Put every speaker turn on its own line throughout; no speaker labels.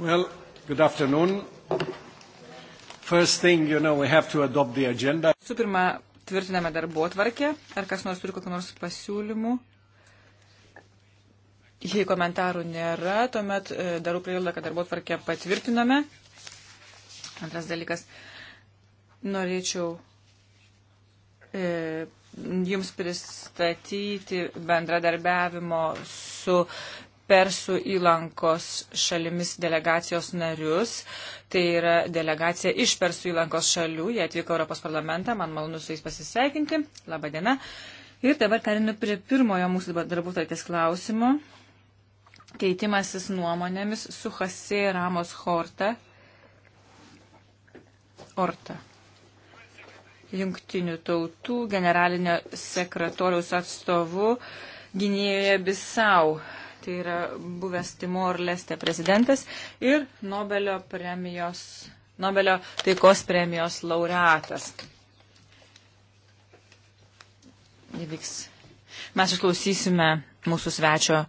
Well, good afternoon.
First thing, you know, we have to adopt the agenda. Su pirma, tvirtiname darbo atvarkę. Ar kas nors turi kokių nors pasiūlymų? Jei komentarų nėra, tuomet e, darau prielaidą, kad darbo atvarkę patvirtiname. Antras dalykas, norėčiau e, jums pristatyti bendradarbiavimo su Persų įlankos šalimis delegacijos narius. Tai yra delegacija iš Persų įlankos šalių. Jie atvyko Europos parlamentą. Man malonu su jais pasisveikinti. Labadiena. Ir dabar perinu prie pirmojo mūsų darbų tarkės klausimo. Keitimasis nuomonėmis su Hase Ramos Horta. Orta. Jungtinių tautų generalinio sekretoriaus atstovu Gynėjoje Bisau tai yra buvęs Timor Leste prezidentas ir Nobelio, premijos, Nobelio taikos premijos laureatas. Įvyks. Mes išklausysime mūsų svečio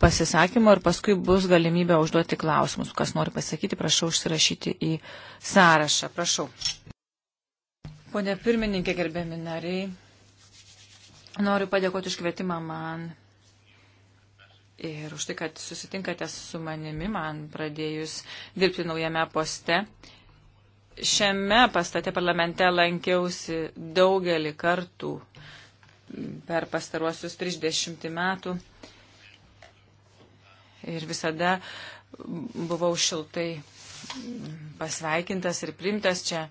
pasisakymo ir paskui bus galimybė užduoti klausimus. Kas nori pasakyti, prašau užsirašyti į sąrašą. Prašau. Pone pirmininkė, gerbėmi nariai, noriu padėkoti už kvietimą man ir už tai, kad susitinkate su manimi, man pradėjus dirbti naujame poste. Šiame pastate parlamente lankiausi daugelį kartų per pastaruosius 30 metų ir visada buvau šiltai pasveikintas ir primtas čia.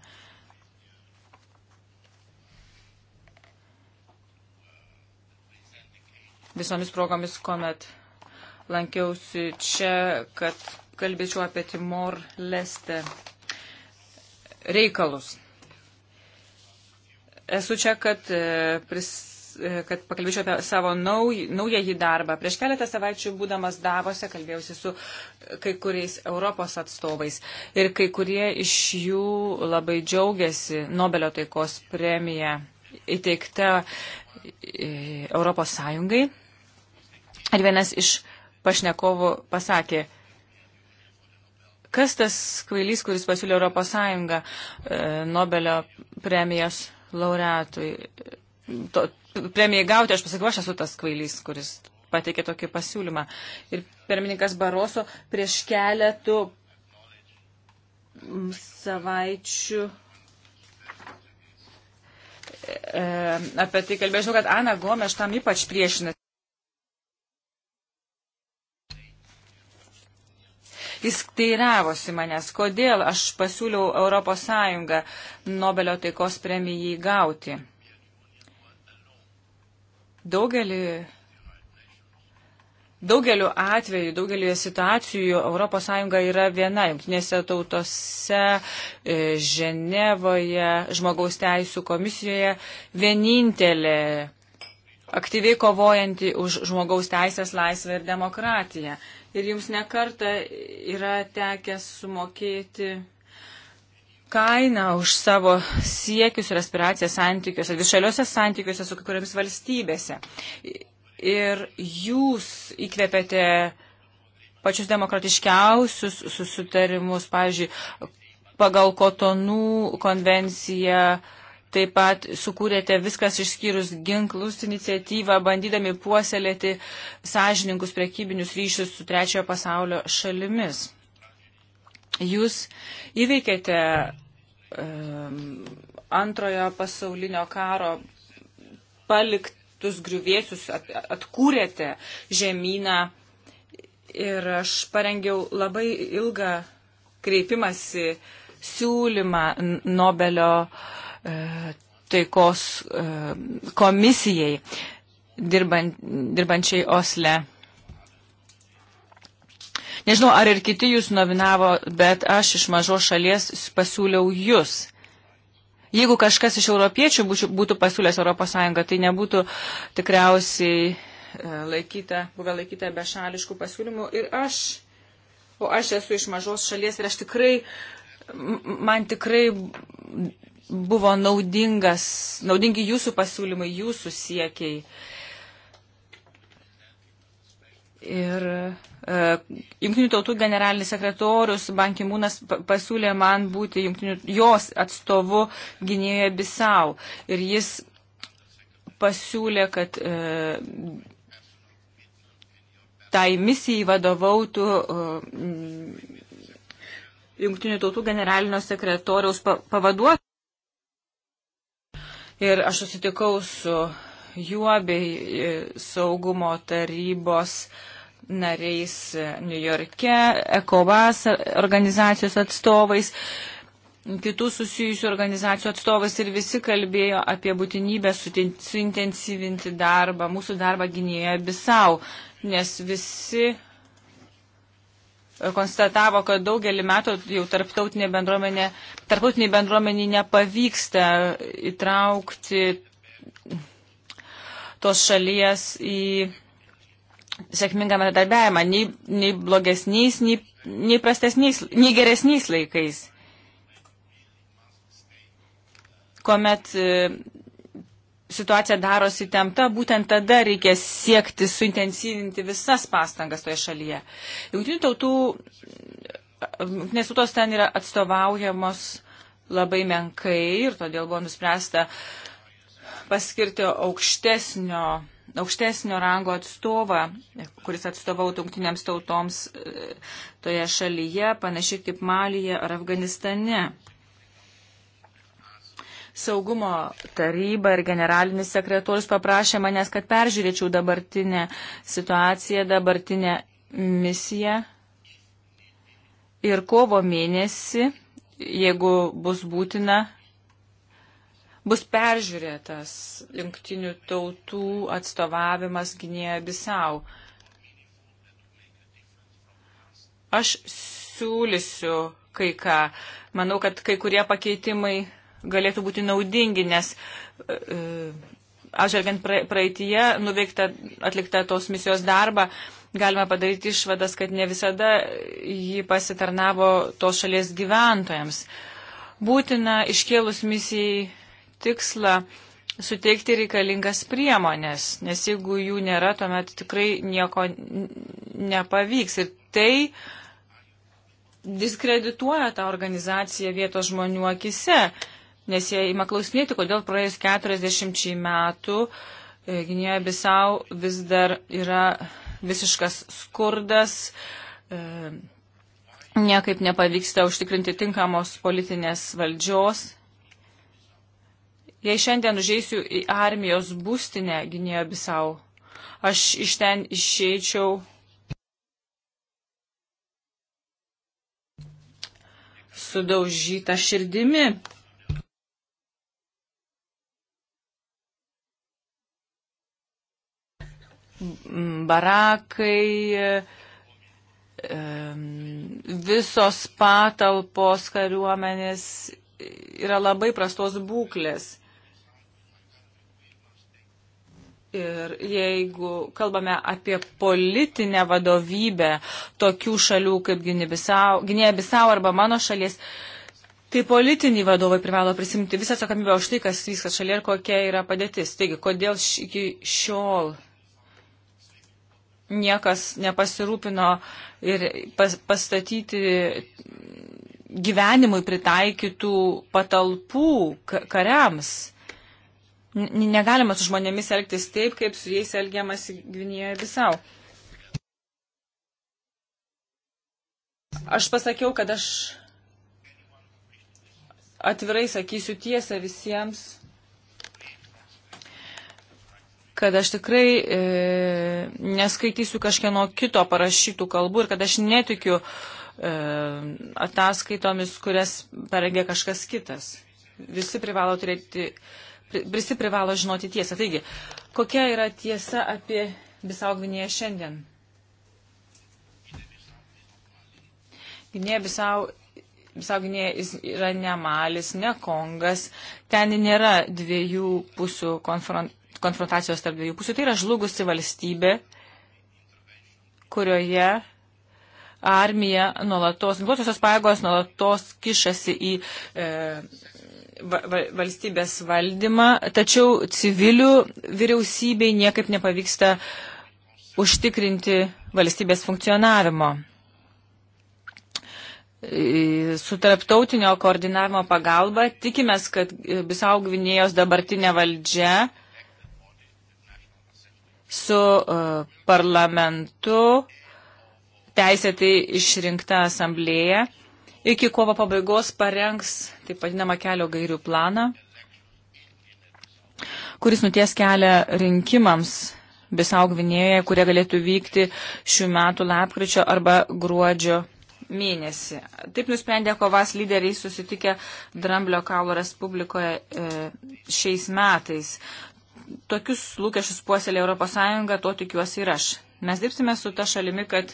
Visomis progomis, kuomet lankiausi čia, kad kalbėčiau apie Timor Leste reikalus. Esu čia, kad, e, pris, e, kad pakalbėčiau apie savo nauj, naująjį darbą. Prieš keletą savaičių, būdamas Davose, kalbėjausi su kai kuriais Europos atstovais. Ir kai kurie iš jų labai džiaugiasi Nobelio taikos premiją įteikta e, Europos Sąjungai. Ir vienas iš pašnekovų pasakė, kas tas kvailys, kuris pasiūlė Europos Sąjungą e, Nobelio premijos laureatui. To, premijai gauti, aš pasakiau, aš esu tas kvailys, kuris pateikė tokį pasiūlymą. Ir pirmininkas Baroso prieš keletų savaičių e, apie tai kalbėjau, kad Ana Gomeš tam ypač priešinasi. Jis teiravosi manęs, kodėl aš pasiūliau Europos Sąjungą Nobelio taikos premijai gauti. Daugelį Daugeliu atveju, daugeliu situacijų ES yra viena, jungtinėse tautose, e, Ženevoje, žmogaus teisų komisijoje, vienintelė aktyviai kovojanti už žmogaus teisės, laisvę ir demokratiją ir jums nekarta yra tekęs sumokėti kainą už savo siekius ir aspiracijas santykiuose, višaliuose santykiuose su kuriamis valstybėse. Ir jūs įkvėpėte pačius demokratiškiausius susitarimus, pavyzdžiui, pagal Kotonų konvenciją Taip pat sukūrėte viskas išskyrus ginklus iniciatyvą, bandydami puoselėti sąžininkus prekybinius ryšius su trečiojo pasaulio šalimis. Jūs įveikėte um, antrojo pasaulinio karo paliktus griuvėsius, at, atkūrėte žemyną ir aš parengiau labai ilgą kreipimąsi siūlymą Nobelio uh, E, taikos e, komisijai dirbant, dirbančiai Osle. Nežinau, ar ir kiti jūs nominavo, bet aš iš mažos šalies pasiūliau jūs. Jeigu kažkas iš europiečių būtų pasiūlęs ES, tai nebūtų tikriausiai e, laikyta, buvę laikyta be šališkų pasiūlymų. Ir aš, o aš esu iš mažos šalies ir aš tikrai, man tikrai buvo naudingas, naudingi jūsų pasiūlymai, jūsų siekiai. Ir e, Junktinių tautų generalinis sekretorius Bankimūnas pasiūlė man būti jungtinių, jos atstovu gynėjoje Bisau. Ir jis pasiūlė, kad e, tai misijai vadovautų e, Junktinių tautų generalinio sekretoriaus pavaduotojas. Ir aš susitikau su juo bei e, saugumo tarybos nariais New York'e, ECOVAS organizacijos atstovais, kitų susijusių organizacijų atstovais ir visi kalbėjo apie būtinybę suintensyvinti darbą, mūsų darbą gynėje Bisau, nes visi konstatavo, kad daugelį metų jau tarptautinė bendruomenė, tarptautinė bendruomenė nepavyksta įtraukti tos šalies į sėkmingą bendradarbiavimą, nei, nei blogesniais, nei, nei, nei geresniais laikais. Kuomet e, situacija darosi temta, būtent tada reikės siekti suintensyvinti visas pastangas toje šalyje. Jungtinių tautų, nes tautos ten yra atstovaujamos labai menkai ir todėl buvo nuspręsta paskirti aukštesnio, aukštesnio rango atstovą, kuris atstovautų jungtinėms tautoms e, toje šalyje, panašiai kaip Malyje ar Afganistane. Saugumo taryba ir generalinis sekretorius paprašė manęs, kad peržiūrėčiau dabartinę situaciją, dabartinę misiją. Ir kovo mėnesį, jeigu bus būtina, bus peržiūrėtas jungtinių tautų atstovavimas Gynėje Bisau. Aš siūlysiu kai ką. Manau, kad kai kurie pakeitimai galėtų būti naudingi, nes, e, e, atžvelgiant praeitie, nuveikta, atlikta tos misijos darbą, galima padaryti išvadas, kad ne visada jį pasitarnavo tos šalies gyventojams. Būtina iškėlus misijai tikslą suteikti reikalingas priemonės, nes jeigu jų nėra, tuomet tikrai nieko nepavyks. Ir tai diskredituoja tą organizaciją vietos žmonių akise nes jie ima klausinėti, kodėl praėjus 40 metų e, Gynėja Bisau vis dar yra visiškas skurdas, e, niekaip nepavyksta užtikrinti tinkamos politinės valdžios. Jei šiandien užeisiu į armijos būstinę Gynėja Bisau, aš iš ten išeičiau sudaužyta širdimi. barakai, visos patalpos kariuomenės yra labai prastos būklės. Ir jeigu kalbame apie politinę vadovybę tokių šalių kaip Gynėja Bisau arba mano šalies, Tai politiniai vadovai privalo prisimti visą atsakomybę už tai, kas vyksta šalia ir kokia yra padėtis. Taigi, kodėl iki šiol niekas nepasirūpino ir pas, pastatyti gyvenimui pritaikytų patalpų kariams. Negalima su žmonėmis elgtis taip, kaip su jais elgiamasi Gvinėje visau. Aš pasakiau, kad aš atvirai sakysiu tiesą visiems kad aš tikrai e, neskaitysiu kažkieno kito parašytų kalbų ir kad aš netikiu e, ataskaitomis, kurias parengė kažkas kitas. Visi privalo, turėti, visi privalo žinoti tiesą. Taigi, kokia yra tiesa apie Bisaugvinėje šiandien? Gynėja Bisau Sauginėje yra ne Malis, ne Kongas, ten nėra dviejų pusių konfront, konfrontacijos tarp dviejų pusių. Tai yra žlugusi valstybė, kurioje armija nuolatos, ginkluotosios pajėgos nuolatos kišasi į e, va, va, valstybės valdymą, tačiau civilių vyriausybei niekaip nepavyksta užtikrinti valstybės funkcionavimo. E, su tarptautinio koordinavimo pagalba tikimės, kad Bisaugvinėjos dabartinė valdžia su e, parlamentu, teisėtai išrinkta asamblėja. Iki kovo pabaigos parengs taip vadinamą kelio gairių planą, kuris nuties kelią rinkimams Bisaugvinėje, kurie galėtų vykti šių metų lapkričio arba gruodžio mėnesį. Taip nusprendė kovas lyderiai susitikę Dramblio kaulo Respublikoje e, šiais metais tokius lūkesčius puoselė ES, to tikiuosi ir aš. Mes dirbsime su ta šalimi, kad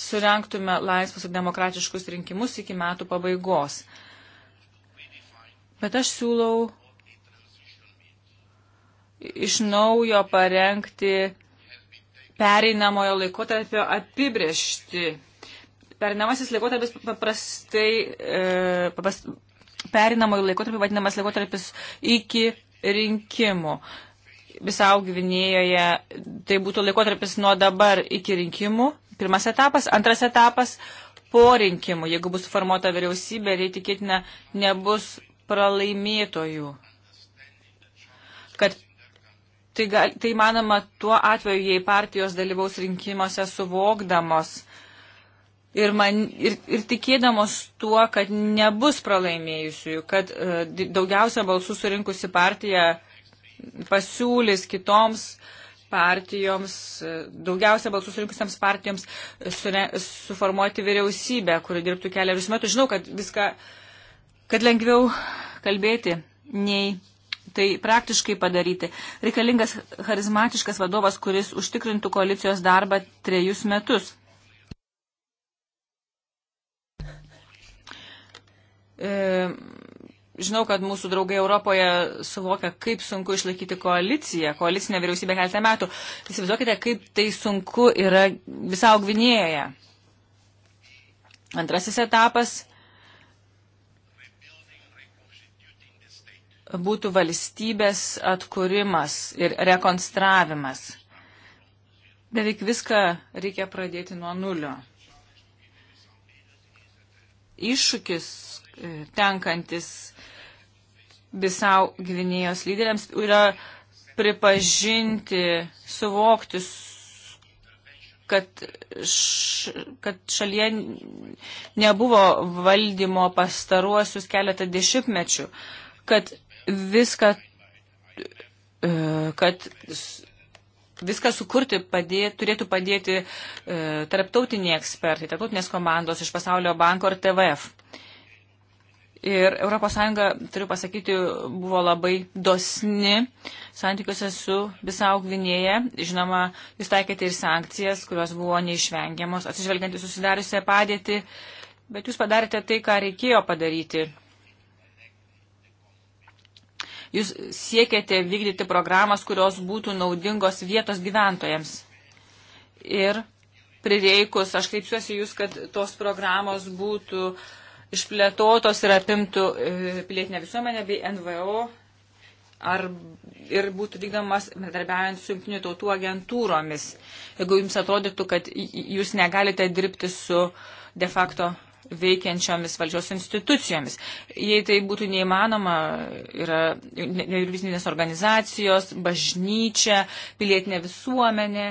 surenktume laisvus ir demokratiškus rinkimus iki metų pabaigos. Bet aš siūlau iš naujo parengti pereinamojo laikotarpio apibriešti. Pereinamasis laikotarpis paprastai, e, papras, pereinamojo laikotarpio vadinamas laikotarpis iki rinkimų. Visau Gvinėjoje tai būtų laikotarpis nuo dabar iki rinkimų. Pirmas etapas, antras etapas po rinkimų. Jeigu bus suformuota vyriausybė, tai tikėtina nebus pralaimėtojų. Kad tai, gal, tai manoma tuo atveju, jei partijos dalyvaus rinkimuose suvokdamos, uh, ir, man, ir, ir tikėdamos tuo, kad nebus pralaimėjusiųjų, kad e, daugiausia balsų surinkusi partija pasiūlys kitoms partijoms, e, daugiausia balsų surinkusiems partijoms e, sure, suformuoti vyriausybę, kuri dirbtų keliarius metus. Žinau, kad viską, kad lengviau kalbėti nei tai praktiškai padaryti. Reikalingas charizmatiškas vadovas, kuris užtikrintų koalicijos darbą trejus metus. E, žinau, kad mūsų draugai Europoje suvokia, kaip sunku išlaikyti koaliciją, koalicinę vyriausybę keletą metų. Įsivaizduokite, kaip tai sunku yra visau Gvinėjoje. Antrasis etapas būtų valstybės atkūrimas ir rekonstravimas. Beveik viską reikia pradėti nuo nulio. Iššūkis E, tenkantis Bisau Gvinėjos lyderiams yra pripažinti, suvokti, kad, š, kad šalyje nebuvo valdymo pastaruosius keletą dešimtmečių, kad viską, e, kad viską sukurti padėt, turėtų padėti e, tarptautiniai ekspertai, tarptautinės komandos iš Pasaulio banko ir TVF. Ir ES, turiu pasakyti, buvo labai dosni santykiuose su Bisau Gvinėje. Žinoma, jūs taikėte ir sankcijas, kurios buvo neišvengiamos, atsižvelgiant į susidariusią padėtį, bet jūs padarėte tai, ką reikėjo padaryti. Jūs siekėte vykdyti programas, kurios būtų naudingos vietos gyventojams. Ir prireikus, aš kreipsiuosi jūs, kad tos programos būtų uh, išplėtotos ir apimtų e, pilietinę visuomenę bei NVO ar ir būtų vykdomas bendarbiaujant su jungtinių tautų agentūromis. Jeigu jums atrodytų, kad jūs negalite dirbti su de facto veikiančiomis valdžios institucijomis. Jei tai būtų neįmanoma, yra nevyriausybinės organizacijos, bažnyčia, pilietinė visuomenė.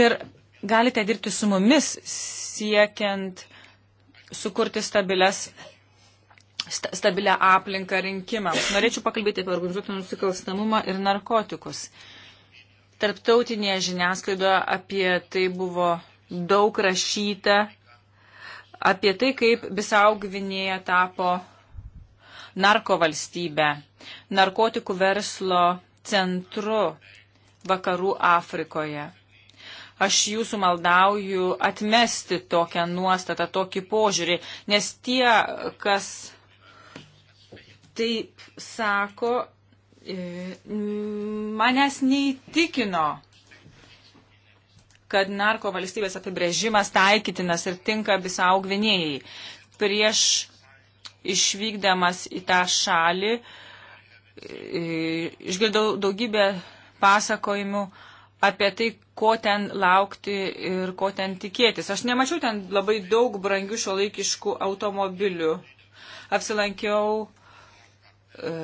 Ir galite dirbti su mumis siekiant sukurti stabilės, st stabilę aplinką rinkimams. Norėčiau pakalbėti apie organizuotą nusikalstamumą ir narkotikus. Tarptautinėje žiniasklaidoje apie tai buvo daug rašyta, apie tai, kaip Bisaugvinėje tapo narkovalstybė, narkotikų verslo centru vakarų Afrikoje. Aš jūsų maldauju atmesti tokią nuostatą, tokį požiūrį, nes tie, kas taip sako, e, manęs neįtikino kad narko valstybės apibrėžimas taikytinas ir tinka visau gvinėjai. Prieš išvykdamas į tą šalį e, išgirdau daugybę pasakojimų apie tai, ko ten laukti ir ko ten tikėtis. Aš nemačiau ten labai daug brangių šio laikiškų automobilių. Apsilankiau e,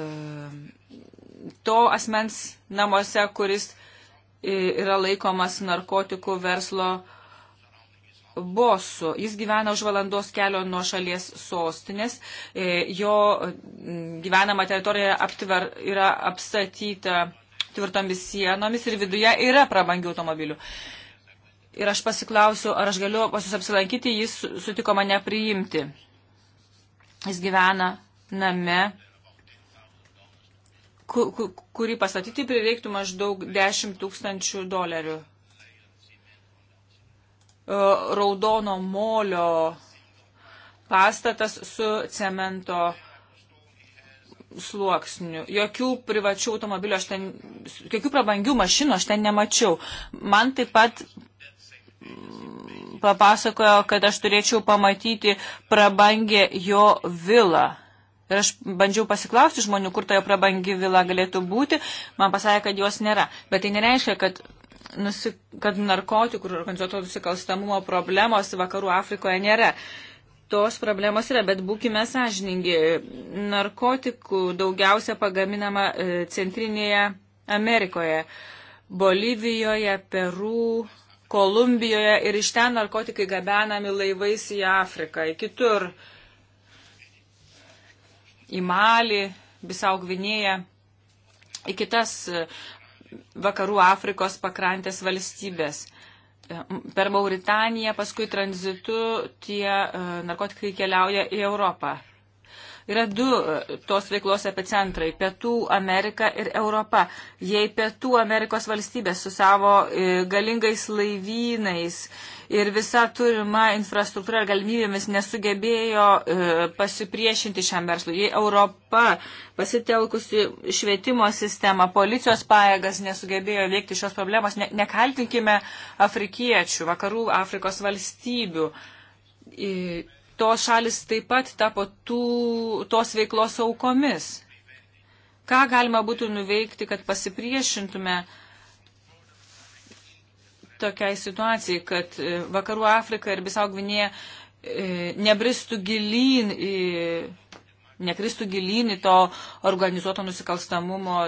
to asmens namuose, kuris yra laikomas narkotikų verslo bosu. Jis gyvena už valandos kelio nuo šalies sostinės. E, jo gyvenama teritorija aptver, yra apstatyta tvirtomis sienomis ir viduje yra prabangių automobilių. Ir aš pasiklausiu, ar aš galiu pas jūs apsilankyti, jis sutiko mane priimti. Jis gyvena name, kurį pastatyti prireiktų maždaug 10 tūkstančių dolerių. E, raudono molio pastatas su cemento sluoksnių. Jokių privačių automobilių aš ten, jokių prabangių mašinų aš ten nemačiau. Man taip pat papasakojo, kad aš turėčiau pamatyti prabangę jo vilą. Ir aš bandžiau pasiklausti žmonių, kur toje prabangi vila galėtų būti. Man pasakė, kad jos nėra. Bet tai nereiškia, kad, nusi, kad narkotikų ir organizuoto nusikalstamumo problemos vakarų Afrikoje nėra. Uh, tos problemos yra, bet būkime sąžiningi. Narkotikų daugiausia pagaminama e, centrinėje Amerikoje, Bolivijoje, Peru, Kolumbijoje ir iš ten narkotikai gabenami laivais į Afriką, į kitur, į Malį, Bisau Gvinėją, į kitas e, vakarų Afrikos pakrantės valstybės per Mauritaniją, paskui tranzitu tie e, narkotikai keliauja į Europą. Yra du e, tos veiklos epicentrai - Pietų Amerika ir Europa. Jei Pietų Amerikos valstybės su savo e, galingais laivynais ir visa turima infrastruktūra ir galimybėmis nesugebėjo e, pasipriešinti šiam verslui, jei Europa pasitelkusi švietimo sistemą, policijos pajėgas nesugebėjo veikti šios problemos, ne, nekaltinkime afrikiečių, vakarų Afrikos valstybių tos šalis taip pat tapo tų, tos veiklos aukomis. Ką galima būtų nuveikti, kad pasipriešintume tokiai situacijai, kad e, Vakarų Afrika ir Bisaugvinėje nebristų gilyn į, nekristų gilyn į to organizuoto nusikalstamumo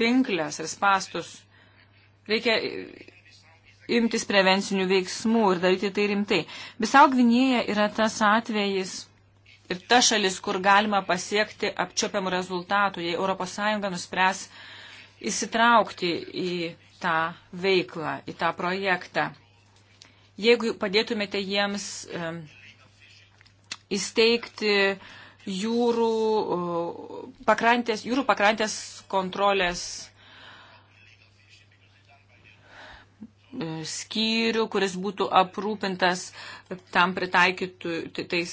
pinklės ir spastus. Reikia imtis prevencinių veiksmų ir daryti tai rimtai. Visau Gvinėja yra tas atvejis ir ta šalis, kur galima pasiekti apčiopiamų rezultatų, jei ES nuspręs įsitraukti į tą veiklą, į tą projektą. Jeigu padėtumėte jiems um, įsteigti jūrų, uh, pakrantės, jūrų pakrantės kontrolės skyrių, kuris būtų aprūpintas tam pritaikytų, tai- tais,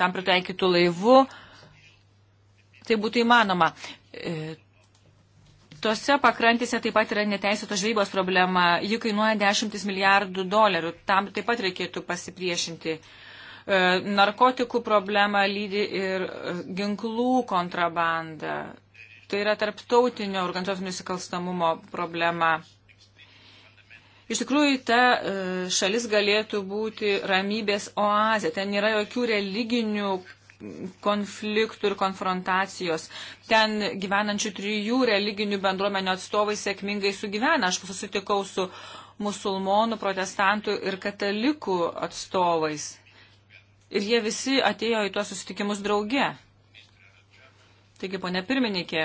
tam pritaikytų laivu. Tai būtų įmanoma. E, tose pakrantėse taip pat yra neteisėtos žvejybos problema. Ji kainuoja dešimtis milijardų dolerių. Tam taip pat reikėtų pasipriešinti. E, narkotikų problema lydi ir e, ginklų kontrabanda. Tai yra tarptautinio organizuotinio nusikalstamumo problema. Iš tikrųjų, ta e, šalis galėtų būti ramybės oazė. Ten nėra jokių religinių konfliktų ir konfrontacijos. Ten gyvenančių trijų religinių bendruomenių atstovai sėkmingai sugyvena. Aš susitikau su musulmonų, protestantų ir katalikų atstovais. Ir jie visi atėjo į tuos susitikimus drauge. Taigi, ponė pirmininkė,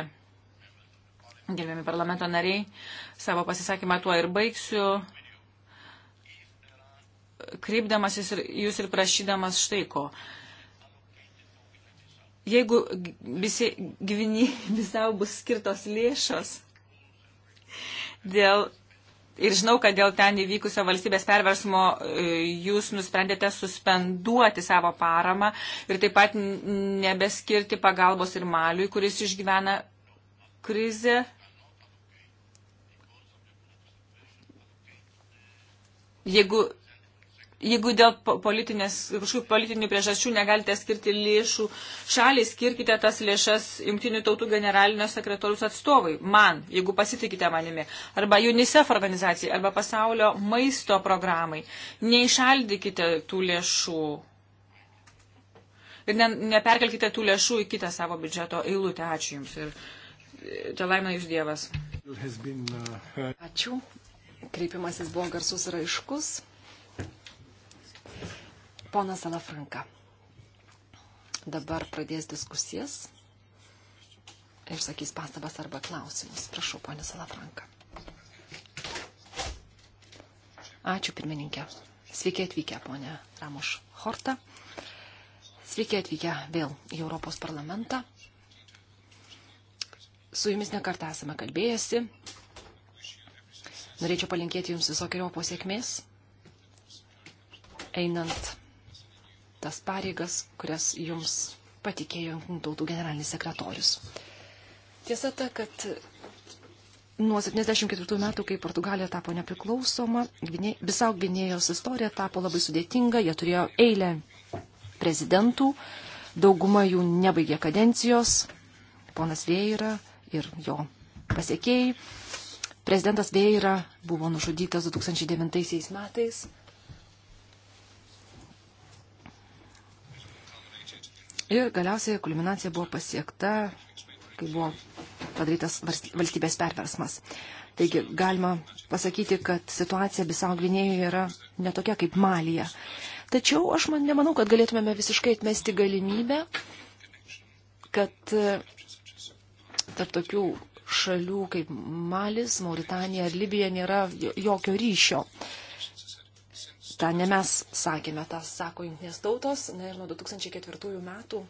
Gerbiami parlamento nariai, savo pasisakymą tuo ir baigsiu, krypdamas jūs ir, jūs ir prašydamas štai ko. Jeigu visi gyviniai visau bus skirtos lėšos dėl ir žinau, kad dėl ten įvykusio valstybės perversmo e, jūs nusprendėte suspenduoti savo paramą ir taip pat nebeskirti pagalbos ir maliui, kuris išgyvena krizę Jeigu, jeigu dėl politinės, kažkokių politinių priežasčių negalite skirti lėšų šaliai, skirkite tas lėšas Junktinių tautų generalinio sekretorius atstovai, man, jeigu pasitikite manimi, arba UNICEF organizacijai, arba pasaulio maisto programai. Neišaldykite tų lėšų ir ne, neperkelkite tų lėšų į kitą savo biudžeto eilutę. Ačiū Jums ir te laimina Jūs Dievas.
Uh, Ačiū kreipimasis buvo garsus ir aiškus. Ponas Alafranka dabar pradės diskusijas ir sakys pastabas arba klausimus. Prašau, ponė Salafranka. Ačiū, pirmininkė. Sveiki atvykę, ponė Ramuš Horta. Sveiki atvykę vėl į Europos parlamentą. Su jumis nekartą esame kalbėjęsi Norėčiau palinkėti Jums visokiojo pasiekmės, einant tas pareigas, kurias Jums patikėjo tautų generalinis sekretorius. Tiesa ta, kad nuo 74 metų, kai Portugalija tapo nepriklausoma, visau Gvinėjos istorija tapo labai sudėtinga, jie turėjo eilę prezidentų, dauguma jų nebaigė kadencijos, ponas Vieira ir jo pasiekėjai Prezidentas Veira buvo nužudytas 2009 metais. Ir galiausiai kulminacija buvo pasiekta, kai buvo padarytas valstybės perversmas. Taigi galima pasakyti, kad situacija Bisau Gvinėjoje yra netokia kaip Malija. Tačiau aš man nemanau, kad galėtumėme visiškai atmesti galimybę, kad e, tarp tokių šalių kaip Malis, Mauritanija ir Libija nėra jokio ryšio. Ta ne mes sakėme, tą sako jungtinės tautos. Na ir nuo 2004 metų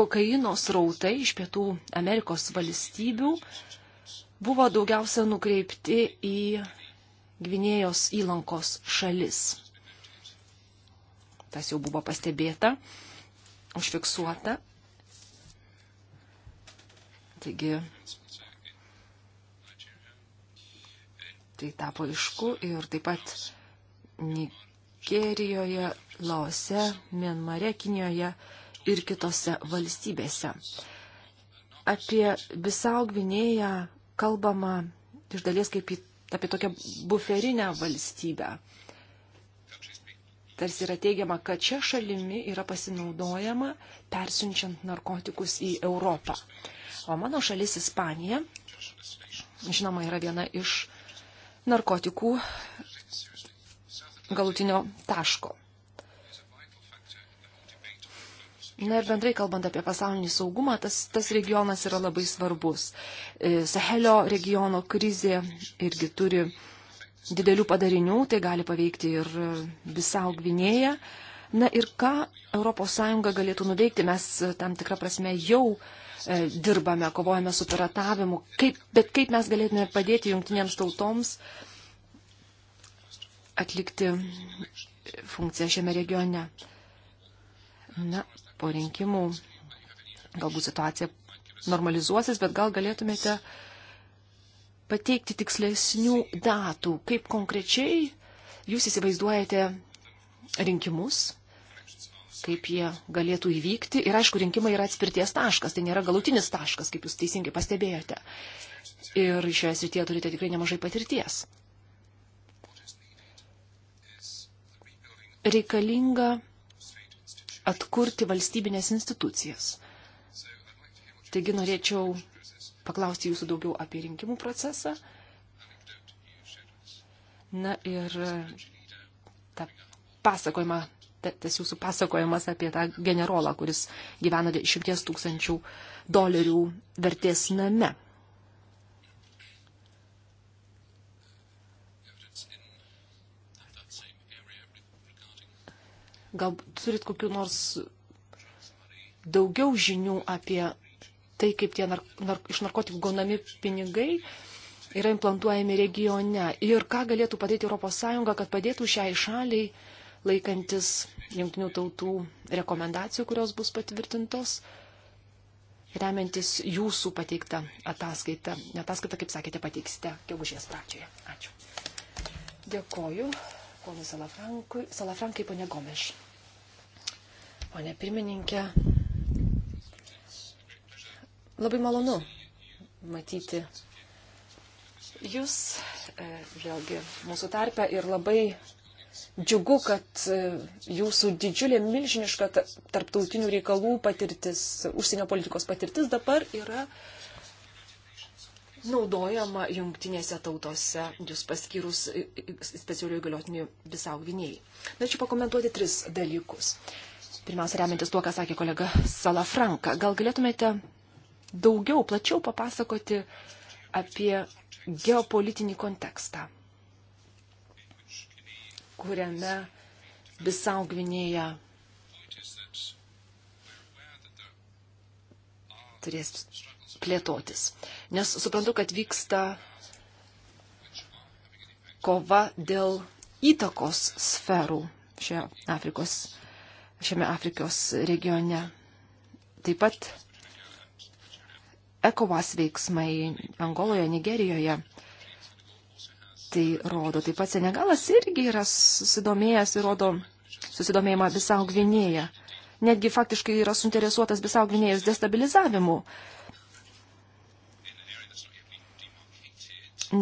kokaino srautai iš Pietų Amerikos valstybių buvo daugiausia nukreipti į Gvinėjos įlankos šalis. Tas jau buvo pastebėta, užfiksuota. Taigi tai tapo išku ir taip pat Nigerijoje, Laose, Mienmare, Kinijoje ir kitose valstybėse. Apie Bisaugvinėją kalbama iš dalies kaip į, apie tokią buferinę valstybę. Tarsi yra teigiama, kad čia šalimi yra pasinaudojama persiunčiant narkotikus į Europą. O mano šalis Ispanija, žinoma, yra viena iš narkotikų galutinio taško. Na ir bendrai kalbant apie pasaulinį saugumą, tas, tas regionas yra labai svarbus. E, Sahelio regiono krizė irgi turi didelių padarinių, tai gali paveikti ir visau gvinėje. Na ir ką ES galėtų nuveikti, mes tam tikrą prasme jau uh, E, dirbame, kovojame su piratavimu, kaip, bet kaip mes galėtume padėti jungtinėms tautoms atlikti funkciją šiame regione. Na, po rinkimų galbūt situacija normalizuosis, bet gal galėtumėte pateikti tikslesnių datų, kaip konkrečiai jūs įsivaizduojate rinkimus kaip jie galėtų įvykti. Ir aišku, rinkimai yra atspirties taškas, tai nėra galutinis taškas, kaip jūs teisingai pastebėjote. Ir šioje srityje turite tikrai nemažai patirties. Reikalinga atkurti valstybinės institucijas. Taigi norėčiau paklausti jūsų daugiau apie rinkimų procesą. Na ir tą pasakojimą tas jūsų pasakojimas apie tą generolą, kuris gyveno 10 tūkstančių dolerių vertės name. Gal turit kokiu nors daugiau žinių apie tai, kaip tie nar nar iš narkotikų gaunami pinigai yra implantuojami regione ir ką galėtų padaryti ES, kad padėtų šiai šaliai uh, laikantis jungtinių tautų rekomendacijų, kurios bus patvirtintos, remiantis jūsų pateiktą ataskaitą. Ataskaitą, kaip sakėte, pateiksite gegužės pradžioje. Ačiū. Dėkoju, ponui Salafrankui, Salafrankai, ponė Gomeš. Pone pirmininkė, labai malonu matyti jūs, e, vėlgi, mūsų tarpę ir labai Džiugu, kad e, jūsų didžiulė milžiniška tarptautinių reikalų patirtis, užsienio politikos patirtis dabar yra naudojama jungtinėse tautose, jūs paskyrus specialiųjų galiotinių visau gynėjai. Norėčiau pakomentuoti tris dalykus. Pirmiausia, remiantis tuo, ką sakė kolega Salafranka, gal galėtumėte daugiau, plačiau papasakoti apie geopolitinį kontekstą kuriame Bisau Gvinėja turės plėtotis. Nes suprantu, kad vyksta kova dėl įtakos sferų šioje Afrikos, šiame Afrikos regione. Taip pat ECOWAS veiksmai Angoloje, Nigerijoje Tai rodo, taip pat Senegalas irgi yra susidomėjęs ir rodo susidomėjimą visau gvinėje. Netgi faktiškai yra suinteresuotas visau gvinėjos destabilizavimu.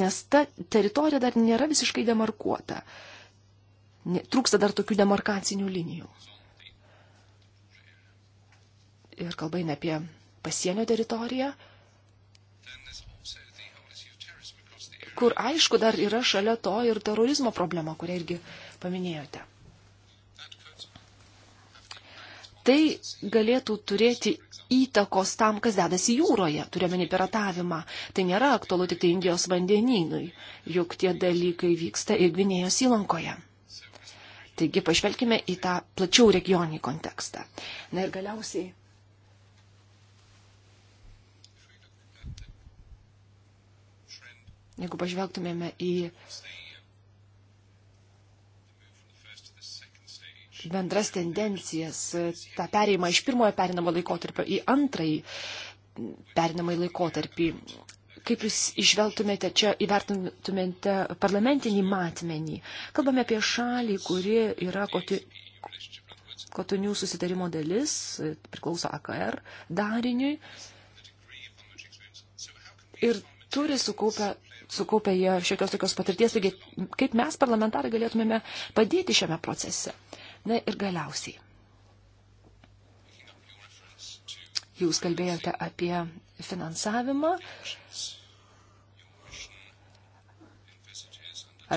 Nes ta teritorija dar nėra visiškai demarkuota. Trūksta dar tokių demarkacinių linijų. Ir kalba eina apie pasienio teritoriją kur aišku dar yra šalia to ir terorizmo problema, kurią irgi paminėjote. Tai galėtų turėti įtakos tam, kas dedasi jūroje, turiuomenį piratavimą. Tai nėra aktualu tik tai Indijos vandenynui, juk tie dalykai vyksta ir Gvinėjos įlankoje. Taigi pažvelkime į tą plačiau regioninį kontekstą. Na ir galiausiai Jeigu pažvelgtumėme į bendras tendencijas, tą perėjimą iš pirmojo perinamo laikotarpio į antrąjį perinamąjį laikotarpį, kaip jūs išvelgtumėte čia, įvertintumėte parlamentinį matmenį. Kalbame apie šalį, kuri yra koti, kotonių susitarimo dalis, priklauso AKR dariniui ir turi sukaupę sukaupę jie šiokios tokios patirties, taigi kaip mes parlamentarai galėtumėme padėti šiame procese. Na ir galiausiai. Jūs kalbėjote apie finansavimą,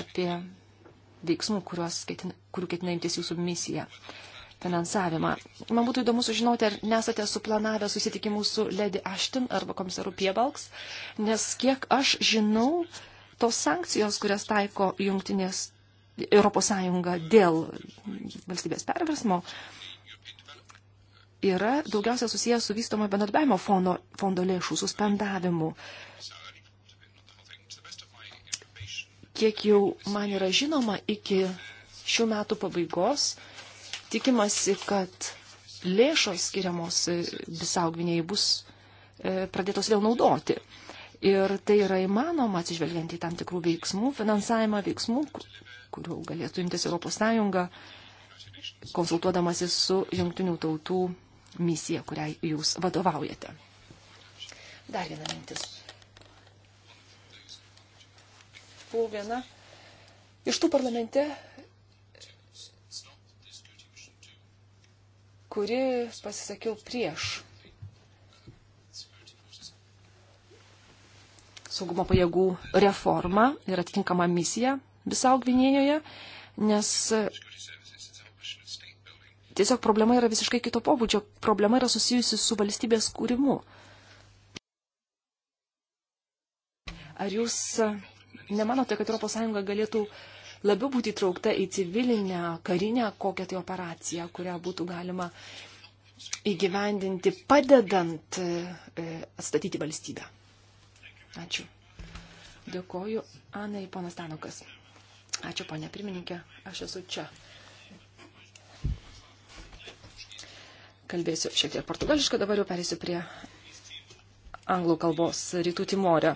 apie veiksmų, ketina, kurių ketina imtis jūsų misija. Uh, finansavimą. Man būtų įdomu sužinoti, ar nesate suplanavę susitikimų su Lady Ashton arba komisaru Piebalks, nes kiek aš žinau, tos sankcijos, kurias taiko jungtinės Europos Sąjunga dėl valstybės perversmo, yra daugiausia susijęs su vystomo bendradarbiavimo fondo, fondo lėšų suspendavimu. Kiek jau man yra žinoma, iki šių metų pabaigos tikimasi, kad lėšos skiriamos e, visaugviniai bus e, pradėtos vėl naudoti. Ir tai yra įmanoma atsižvelgiant į tam tikrų veiksmų, finansavimą veiksmų, kurių galėtų imtis ES, konsultuodamasi su jungtinių tautų misija, kuriai jūs vadovaujate. Dar viena mintis. Buvau viena iš tų parlamente kuri pasisakiau prieš saugumo pajėgų reformą ir atitinkamą misiją visau Gvinėjoje, nes tiesiog problema yra visiškai kito pobūdžio. Problema yra susijusi su valstybės kūrimu. Ar jūs nemanote, kad ES galėtų labiau būti traukta į civilinę, karinę kokią tai operaciją, kurią būtų galima įgyvendinti, padedant e, e, atstatyti valstybę. Ačiū. Dėkoju Anai, ponas Tanukas. Ačiū, ponė pirmininkė, aš esu čia. Kalbėsiu šiek tiek portugališkai, dabar jau perėsiu prie anglų kalbos rytų Timorė.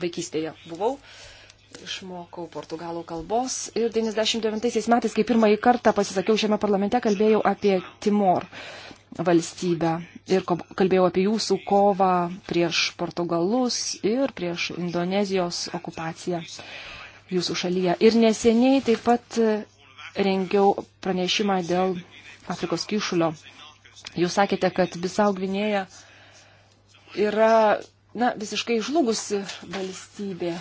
Vaikystėje buvau išmokau portugalų kalbos ir 99 metais, kai pirmąjį kartą pasisakiau šiame parlamente, kalbėjau apie Timor valstybę ir kalbėjau apie jūsų kovą prieš portugalus ir prieš Indonezijos okupaciją jūsų šalyje. Ir neseniai taip pat rengiau pranešimą dėl Afrikos kišulio. Jūs sakėte, kad Bisau Gvinėja yra na, visiškai žlugusi valstybė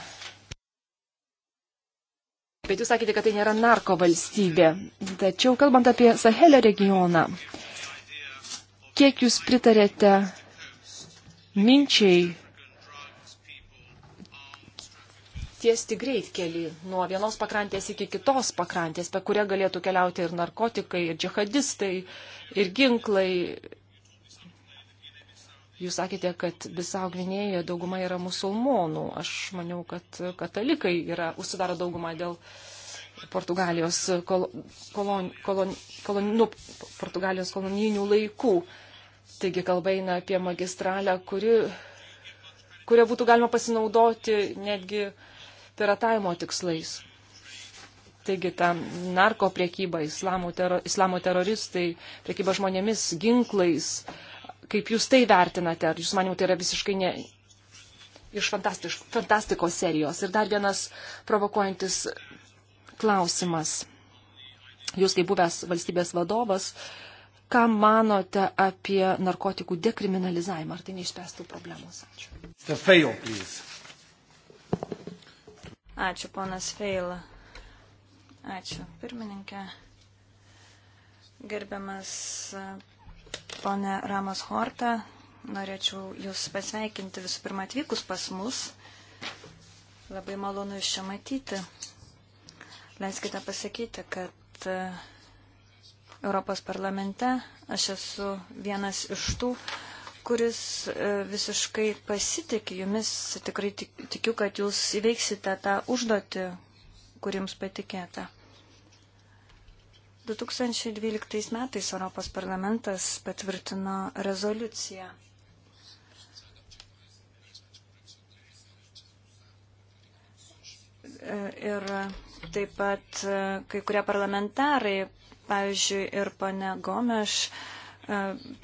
Bet jūs sakėte, kad tai nėra narko valstybė. Tačiau kalbant apie Sahelio regioną, kiek jūs pritarėte minčiai tiesti greitkelį nuo vienos pakrantės iki kitos pakrantės, per kurią galėtų keliauti ir narkotikai, ir džihadistai, ir ginklai, Jūs sakėte, kad Bisau Gvinėje dauguma yra musulmonų. Aš maniau, kad katalikai yra, užsidaro daugumą dėl Portugalijos, kol, kolon, kolon, kolon, nu, Portugalijos kolonijinių laikų. Taigi kalba eina apie magistralę, kuri, kurią būtų galima pasinaudoti netgi piratavimo tikslais. Taigi ta narko priekyba, islamo, teror, islamo teroristai, priekyba žmonėmis, ginklais, uh, kaip jūs tai vertinate? Ar jūs maniau, tai yra visiškai ne... iš fantastikos serijos? Ir dar vienas provokuojantis klausimas. Jūs kaip buvęs valstybės vadovas, ką manote apie narkotikų
dekriminalizavimą? Ar tai neišspręstų problemos? Ačiū. Fail, Ačiū, ponas Feila. Ačiū, pirmininkė. Gerbiamas Pone Ramas Horta, norėčiau Jūs pasveikinti visų pirma atvykus pas mus. Labai malonu Jūs čia matyti. Leiskite pasakyti, kad e, Europos parlamente aš esu vienas iš tų, kuris e, visiškai pasitikė jumis, tikrai tikiu, kad jūs įveiksite tą užduotį, kur jums patikėta. 2012 metais Europos parlamentas patvirtino rezoliuciją ir taip pat kai kurie parlamentarai, pavyzdžiui, ir pane Gomeš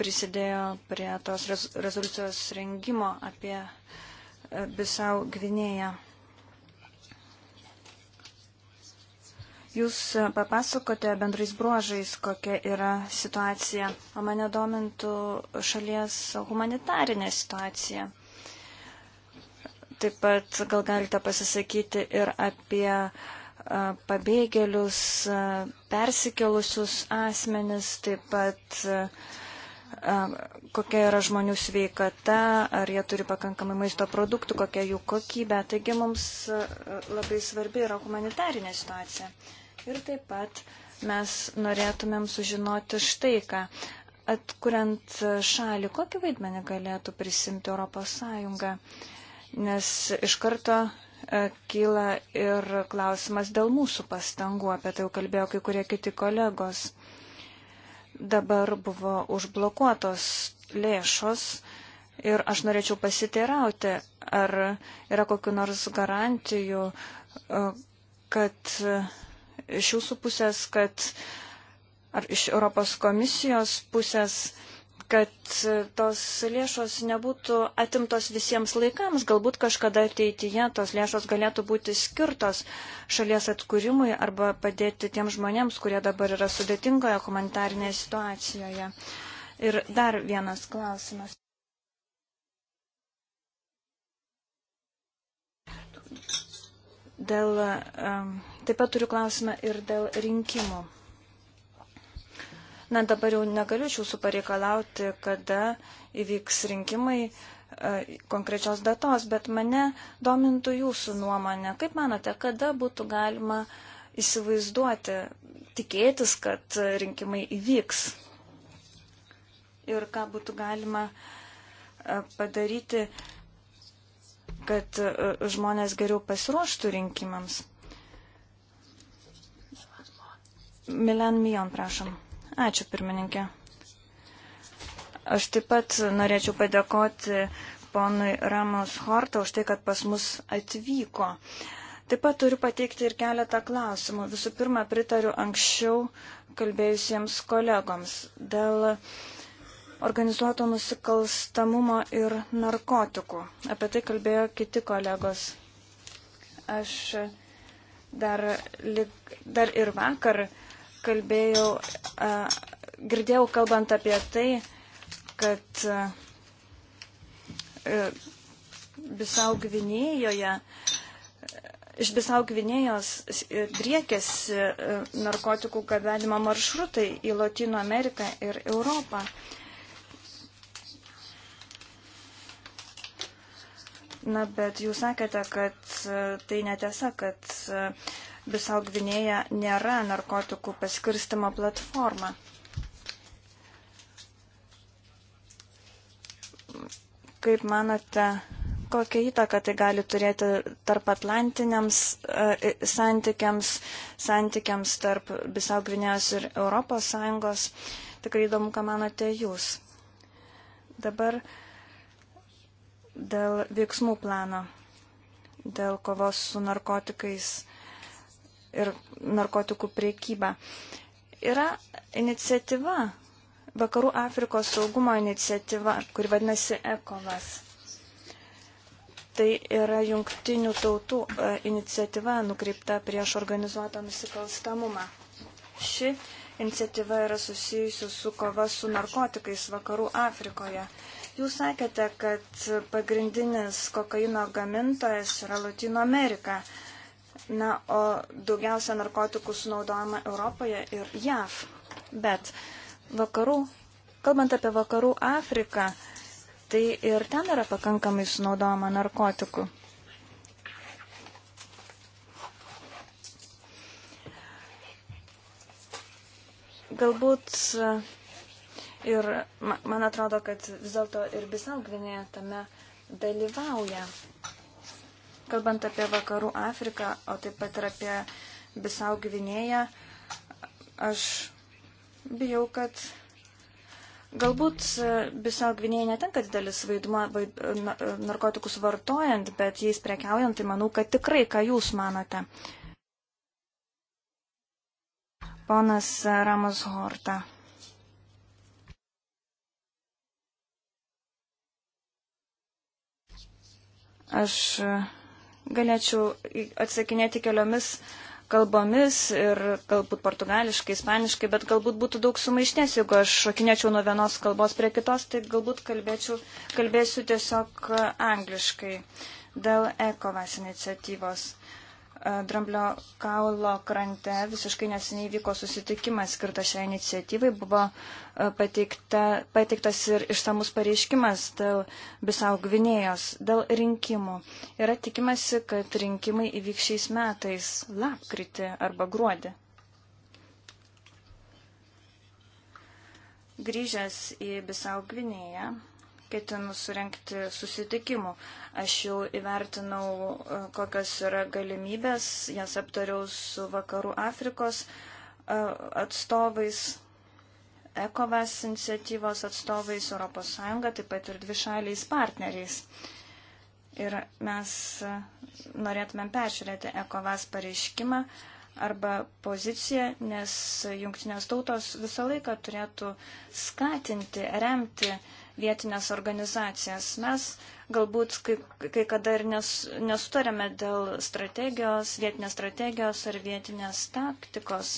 prisidėjo prie tos rezoliucijos rengimo apie Bisau Gvinėją. Jūs e, papasakote bendrais bruožais, kokia yra situacija, o mane domintų šalies humanitarinė situacija. Taip pat gal galite pasisakyti ir apie e, pabėgėlius, e, persikėlusius asmenis, taip pat kokia yra žmonių sveikata, ar jie turi pakankamai maisto produktų, kokia jų kokybė. Taigi mums labai svarbi yra humanitarinė situacija. Ir taip pat mes norėtumėm sužinoti štai ką. Atkuriant šalį, kokį vaidmenį galėtų prisimti ES? Nes iš karto e, kyla ir klausimas dėl mūsų pastangų, apie tai jau kalbėjo kai kurie kiti kolegos. Dabar buvo užblokuotos lėšos ir aš norėčiau pasiteirauti, ar yra kokiu nors garantijų, e, kad iš jūsų pusės, kad, ar iš Europos komisijos pusės, kad tos lėšos nebūtų atimtos visiems laikams, galbūt kažkada ateityje tos lėšos galėtų būti skirtos šalies atkūrimui arba padėti tiem žmonėms, kurie dabar yra sudėtingoje humanitarinėje situacijoje. Ir dar vienas klausimas. Dėl um, Taip pat turiu klausimą ir dėl rinkimų. Na, dabar jau negaliu iš jūsų pareikalauti, kada įvyks rinkimai e, konkrečios datos, bet mane domintų jūsų nuomonė. Kaip manote, kada būtų galima įsivaizduoti, tikėtis, kad rinkimai įvyks? Ir ką būtų galima e, padaryti, kad e, žmonės geriau pasiruoštų rinkimams? Milan Mijon, prašom. Ačiū, pirmininkė. Aš taip pat norėčiau padėkoti ponui Ramos Horta už tai, kad pas mus atvyko. Taip pat turiu pateikti ir keletą klausimų. Visų pirma, pritariu anksčiau kalbėjusiems kolegoms dėl organizuoto nusikalstamumo ir narkotikų. Apie tai kalbėjo kiti kolegos. Aš dar, dar ir vakar kalbėjau, girdėjau kalbant apie tai, kad Bisau Gvinėjoje, iš Bisau Gvinėjos driekėsi e, narkotikų gabenimo maršrutai į Latino Ameriką ir Europą. Na, bet jūs sakėte, kad e, tai netiesa, kad e, Bisau Gvinėja nėra narkotikų paskirstimo platforma. Kaip manote, kokią įtaką tai gali turėti tarp atlantiniams e, santykiams, santykiams tarp Bisau Gvinėjos ir Europos Sąjungos. Tikrai įdomu, ką manote jūs. Dabar dėl veiksmų plano, dėl kovos su narkotikais ir narkotikų priekybą. Yra iniciatyva, Vakarų Afrikos saugumo iniciatyva, kuri vadinasi ECOVAS. Tai yra jungtinių tautų e, iniciatyva nukreipta prieš organizuotą nusikalstamumą. Ši iniciatyva yra susijusi su kova su narkotikais Vakarų Afrikoje. Jūs sakėte, kad pagrindinis kokaino gamintojas yra Latino Amerika. Na, o daugiausia narkotikų sunaudojama Europoje ir JAV. Bet vakarų, kalbant apie vakarų Afriką, tai ir ten yra pakankamai sunaudojama narkotikų. Galbūt e, ir, man atrodo, kad vis dėlto ir Bisalgvinėje tame dalyvauja. Kalbant apie Vakarų Afriką, o taip pat ir apie Bisau Gvinėją, aš bijau, kad galbūt Bisau Gvinėje netenka didelis vaidmuo vaid, narkotikus vartojant, bet jais prekiaujant, tai manau, kad tikrai, ką jūs manote. Ponas Ramos Horta. Aš galėčiau atsakinėti keliomis kalbomis ir galbūt portugališkai, ispaniškai, bet galbūt būtų daug sumaišties, jeigu aš šokinėčiau nuo vienos kalbos prie kitos, tai galbūt kalbėčiau, kalbėsiu tiesiog angliškai dėl ECOVAS iniciatyvos. E, dramblio kaulo krante visiškai neseniai vyko susitikimas skirtas šiai iniciatyvai, buvo e, pateikta, pateiktas ir išsamus pareiškimas dėl Bisau Gvinėjos, dėl rinkimų. Yra tikimasi, kad rinkimai įvyks šiais metais lapkritį arba gruodį. Grįžęs į Bisau Gvinėją, ketinu surenkti susitikimų. Aš jau įvertinau, e, kokios yra galimybės, jas aptariau su Vakarų Afrikos e, atstovais, ECOVAS iniciatyvos atstovais, ES, taip pat ir dvišaliais partneriais. Ir mes e, norėtumėm peržiūrėti ECOVAS pareiškimą arba poziciją, nes jungtinės tautos visą laiką turėtų skatinti, remti uh, vietinės organizacijas. Mes galbūt kai, kai kada ir nes, nesutarėme dėl strategijos, vietinės strategijos ar vietinės taktikos,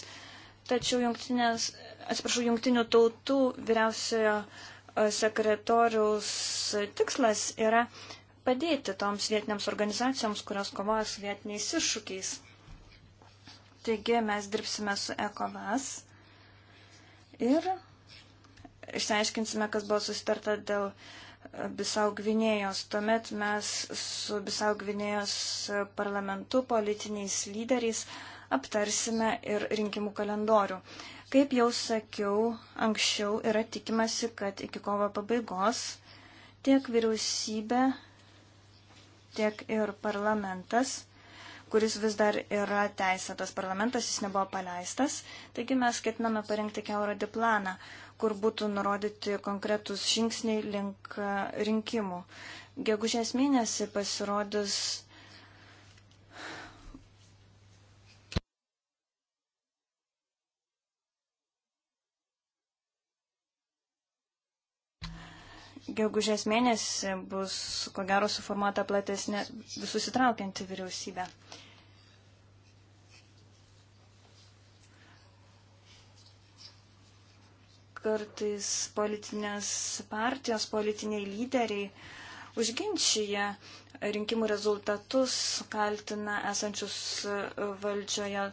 tačiau jungtinės, atsiprašau, jungtinių tautų vyriausiojo e, sekretoriaus tikslas yra padėti toms vietiniams organizacijoms, kurios kovoja su vietiniais iššūkiais. Taigi mes dirbsime su ECOVAS ir išsiaiškinsime, kas buvo susitarta dėl e, Bisau Gvinėjos. Tuomet mes su Bisau Gvinėjos parlamentu, politiniais lyderiais aptarsime ir rinkimų kalendorių. Kaip jau sakiau, anksčiau yra tikimasi, kad iki kovo pabaigos tiek vyriausybė, tiek ir parlamentas kuris vis dar yra teisėtas parlamentas, jis nebuvo paleistas. Taigi mes ketiname parengti keurodį planą, kur būtų nurodyti konkretus žingsniai link e, rinkimų. Gegužės mėnesį pasirodys gegužės mėnesį bus, ko gero, suformuota platesnė visus įtraukianti vyriausybė. Uh, kartais politinės partijos, politiniai lyderiai užginčia rinkimų rezultatus, kaltina esančius valdžioje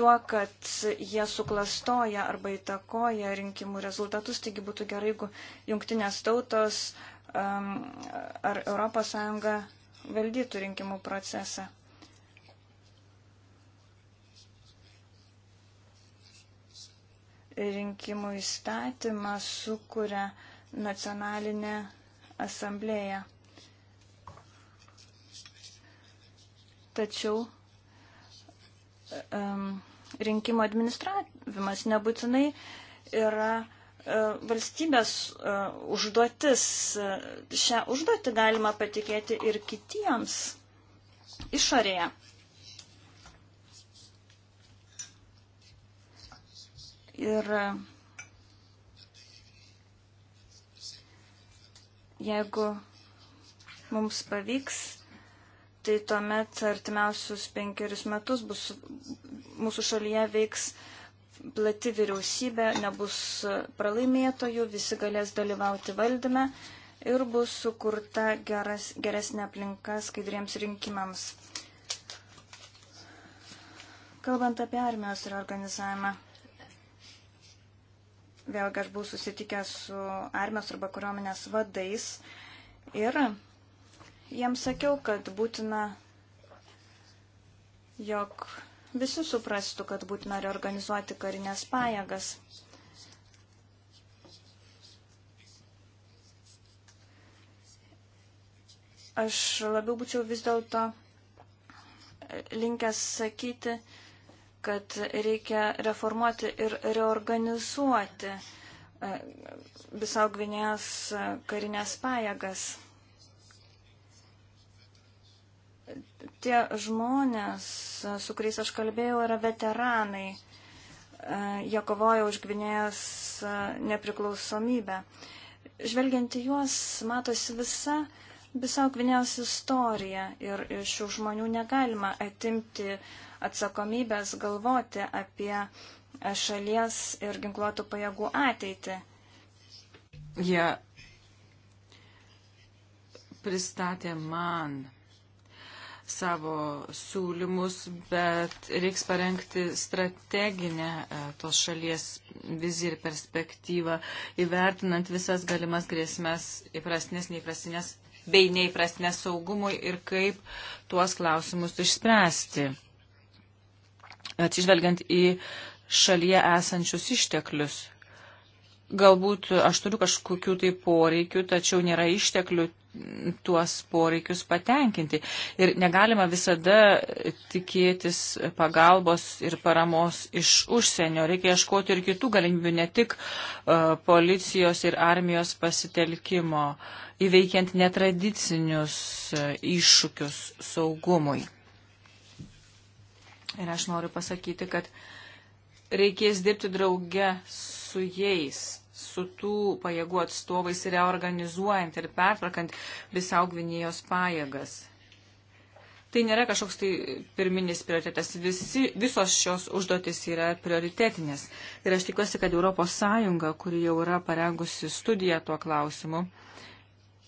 tuo, kad jie suklastoja arba įtakoja rinkimų rezultatus. Taigi būtų gerai, jeigu jungtinės tautos um, ar ES valdytų rinkimų procesą. rinkimų įstatymą sukuria nacionalinė asamblėja. Tačiau um, rinkimų administravimas nebūtinai yra uh, valstybės uh, užduotis. Šią užduotį galima patikėti ir kitiems išorėje. Ir jeigu mums pavyks, tai tuomet artimiausius penkerius metus bus, mūsų šalyje veiks plati vyriausybė, nebus pralaimėtojų, visi galės dalyvauti valdyme ir bus sukurta geras, geresnė aplinka skaidriems rinkimams. Kalbant apie armijos reorganizavimą, Vėlgi aš buvau susitikęs su armijos arba kariuomenės vadais ir jiems sakiau, kad būtina, jog visi suprastų, kad būtina reorganizuoti karinės pajėgas. Aš labiau būčiau vis dėlto linkęs sakyti, kad reikia reformuoti ir reorganizuoti Bisau e, Gvinėjos karinės pajėgas. Tie žmonės, su kuriais aš kalbėjau, yra veteranai. E, jie kovoja už Gvinėjos e, nepriklausomybę. Žvelgiant į juos, matosi visa Bisau Gvinėjos istorija ir iš šių žmonių negalima atimti uh, atsakomybės galvoti apie šalies ir ginkluotų pajėgų ateitį.
Jie ja. pristatė man savo siūlymus, bet reiks parengti strateginę e, tos šalies viziją ir perspektyvą, įvertinant visas galimas grėsmės, įprastinės, neįprastinės bei neįprastinės saugumui ir kaip tuos klausimus išspręsti atsižvelgiant į šalyje esančius išteklius. Galbūt aš turiu kažkokių tai poreikių, tačiau nėra išteklių tuos poreikius patenkinti. Ir negalima visada tikėtis pagalbos ir paramos iš užsienio. Reikia ieškoti ir kitų galimybių, ne tik uh, policijos ir armijos pasitelkimo, įveikiant netradicinius uh, iššūkius saugumui. Ir aš noriu pasakyti, kad reikės dirbti drauge su jais, su tų pajėgų atstovais ir reorganizuojant ir pertvarkant visau Gvinėjos pajėgas. Tai nėra kažkoks tai pirminis prioritetas. Visi, visos šios užduotis yra prioritetinės. Ir aš tikiuosi, kad ES, kuri jau yra parengusi studiją tuo klausimu,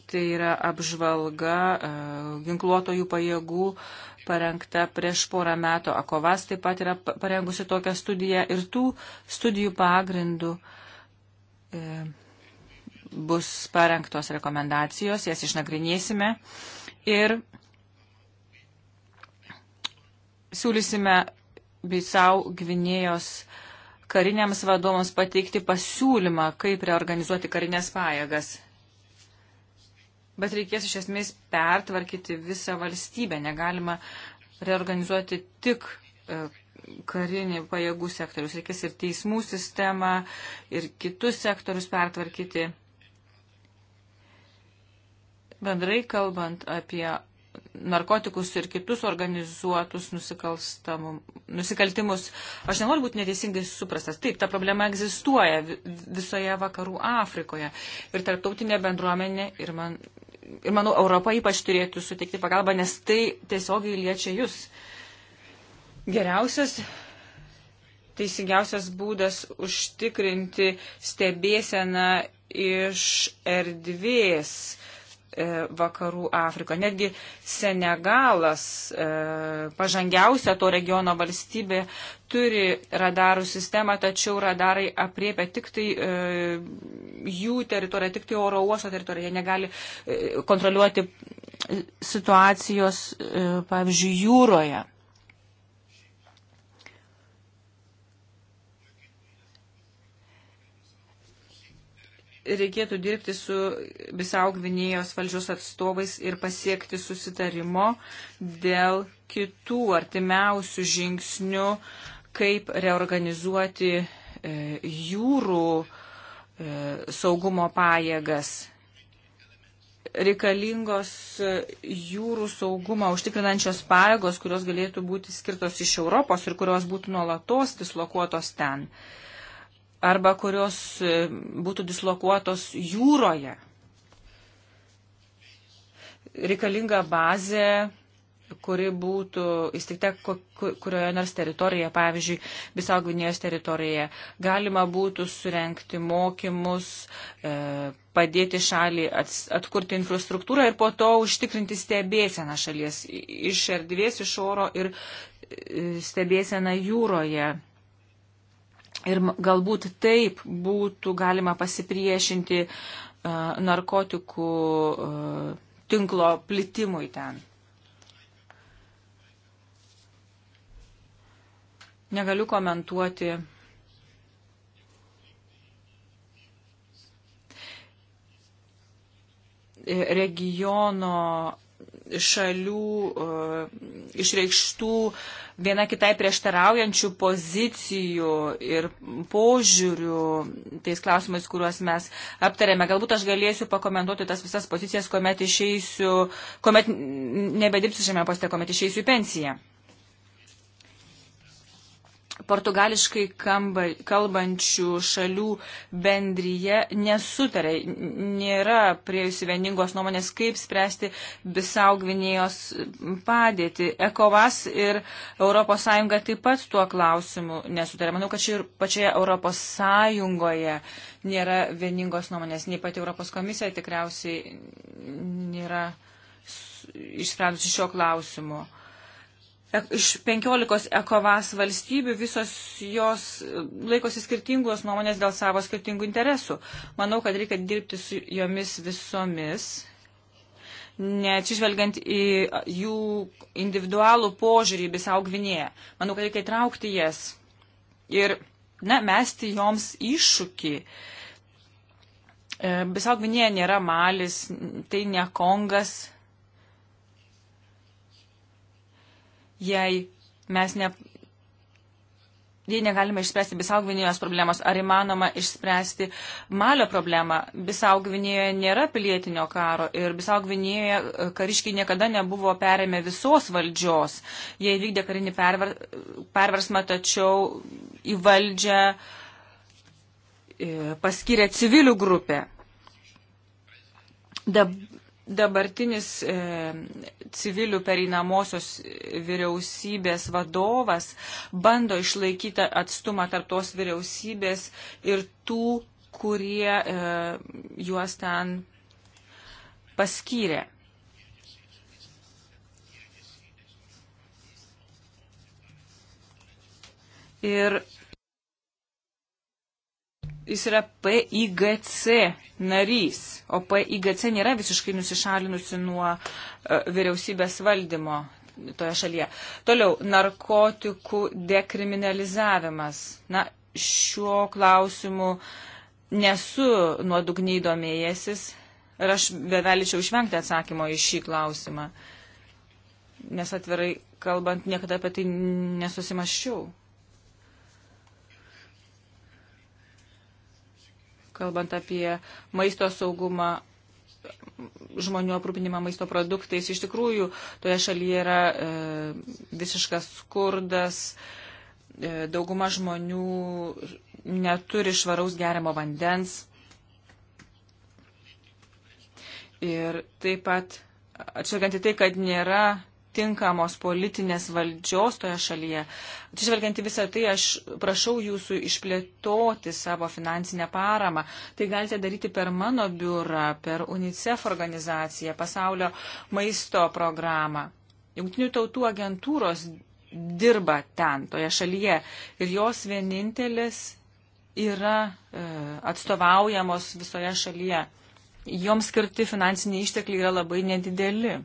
tai yra apžvalga e, ginkluotojų pajėgų parengta prieš porą metų, Akovas taip pat yra parengusi tokią studiją ir tų studijų pagrindų e, bus parengtos rekomendacijos, jas išnagrinėsime ir siūlysime Bisau Gvinėjos kariniams vadovams pateikti pasiūlymą, kaip reorganizuoti karinės pajėgas bet reikės iš esmės pertvarkyti visą valstybę. Negalima reorganizuoti tik e, karinį pajėgų sektorius. Reikės ir teismų sistemą, ir kitus sektorius pertvarkyti. Bendrai kalbant apie narkotikus ir kitus organizuotus nusikaltimus. Aš nenoriu būti neteisingai suprastas. Taip, ta problema egzistuoja visoje vakarų Afrikoje. Ir tarptautinė bendruomenė, ir man ir manau, Europa ypač turėtų suteikti pagalbą, nes tai tiesiogiai liečia jūs. Geriausias, teisingiausias būdas užtikrinti stebėseną iš erdvės E, Vakarų Afriką. Netgi Senegalas, e, pažangiausia to regiono valstybė, turi radarų sistemą, tačiau radarai apriepia tik tai e, jų teritoriją, tik tai oro uosto teritoriją. Jie negali kontroliuoti situacijos, pavyzdžiui, jūroje. reikėtų dirbti su Bisau Gvinėjos valdžios atstovais ir pasiekti susitarimo dėl kitų artimiausių žingsnių, kaip reorganizuoti e, jūrų e, saugumo pajėgas. Reikalingos e, jūrų saugumą užtikrinančios pajėgos, kurios galėtų būti skirtos iš Europos ir kurios būtų nuolatos dislokuotos ten. Uh, arba kurios e, būtų dislokuotos jūroje. Reikalinga bazė, kuri būtų įsteigta kurioje nors teritorijoje, pavyzdžiui, Bisaugvinijos teritorijoje. Galima būtų surenkti mokymus, e, padėti šalį atkurti infrastruktūrą ir po to užtikrinti stebėseną šalies iš erdvės, iš oro ir e, stebėseną jūroje Ir galbūt taip būtų galima pasipriešinti uh, narkotikų uh, tinklo plitimui ten. Negaliu komentuoti e, regiono šalių išreikštų viena kitai prieštaraujančių pozicijų ir požiūrių tais klausimais, kuriuos mes aptarėme. Galbūt aš galėsiu pakomentuoti tas visas pozicijas, kuomet išeisiu, kuomet nebedirbsiu šiame poste, kuomet išeisiu į pensiją portugališkai kamba, kalbančių šalių bendryje nesutarė, nėra priejusi vieningos nuomonės, kaip spręsti bisaugvinėjos padėtį. ECOVAS ir ES taip pat tuo klausimu nesutarė. Manau, kad čia ir pačioje ES nėra vieningos nuomonės, nei pati Europos komisija tikriausiai nėra išsprendusi šio klausimu iš 15 ekovas valstybių visos jos e, laikosi skirtingos nuomonės dėl savo skirtingų interesų. Manau, kad reikia dirbti su jomis visomis, neatsižvelgiant į jų individualų požiūrį visau gvinėje. Manau, kad reikia įtraukti jas ir, na, mesti joms iššūkį. Visau e, gvinėje nėra malis, tai ne kongas jei mes ne, jei negalime išspręsti Bisaugvinijos problemos, ar įmanoma išspręsti Malio problemą. Bisaugvinijoje nėra pilietinio karo ir Bisaugvinijoje e, kariškiai niekada nebuvo perėmę visos valdžios. Jie įvykdė karinį perver, perversmą, tačiau į valdžią e, paskyrė civilių grupę. Dab, dabartinis e, civilių pereinamosios vyriausybės vadovas bando išlaikyti atstumą tarp tos vyriausybės ir tų, kurie e, juos ten paskyrė. Ir jis yra PIGC narys, o PIGC nėra visiškai nusišalinusi nuo e, vyriausybės valdymo toje šalyje. Toliau, narkotikų dekriminalizavimas. Na, šiuo klausimu nesu nuodugniai domėjęsis ir aš beveličiau išvengti atsakymo į šį klausimą, nes atvirai kalbant niekada apie tai nesusimaščiau. kalbant apie maisto saugumą, žmonių aprūpinimą maisto produktais. Iš tikrųjų, toje šalyje yra e, visiškas skurdas, e, dauguma žmonių neturi švaraus geriamo vandens. Ir taip pat, atšvelgiant į tai, kad nėra tinkamos politinės valdžios toje šalyje. Atsižvelgiant į visą tai, aš prašau jūsų išplėtoti savo finansinę paramą. Tai galite daryti per mano biurą, per UNICEF organizaciją, pasaulio maisto programą. Junktinių tautų agentūros dirba ten, toje šalyje. Ir jos vienintelis yra e, atstovaujamos visoje šalyje. Joms skirti finansiniai ištekliai yra labai nedideli.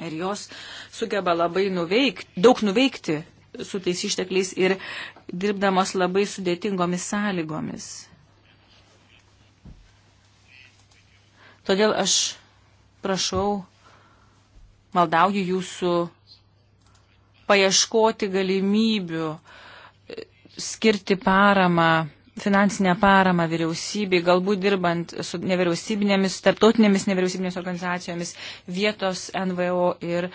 Ir jos sugeba labai nuveikti, daug nuveikti su tais ištekliais ir dirbdamos labai sudėtingomis sąlygomis. Todėl aš prašau, maldauju jūsų paieškoti galimybių e, skirti paramą finansinę paramą vyriausybei, galbūt dirbant su nevyriausybinėmis, tarptautinėmis nevyriausybinėmis organizacijomis, vietos NVO ir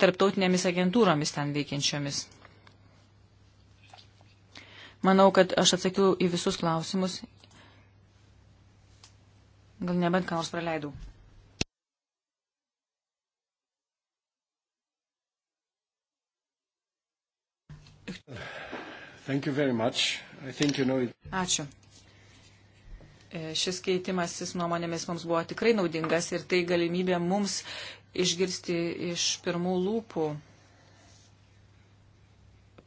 tarptautinėmis agentūromis ten veikiančiomis. Manau, kad aš atsakiau į visus klausimus. Gal nebent ką nors praleidau.
Thank you very much you know it...
Ačiū. E, šis keitimasis nuomonėmis mums buvo tikrai naudingas ir tai galimybė mums išgirsti iš pirmų lūpų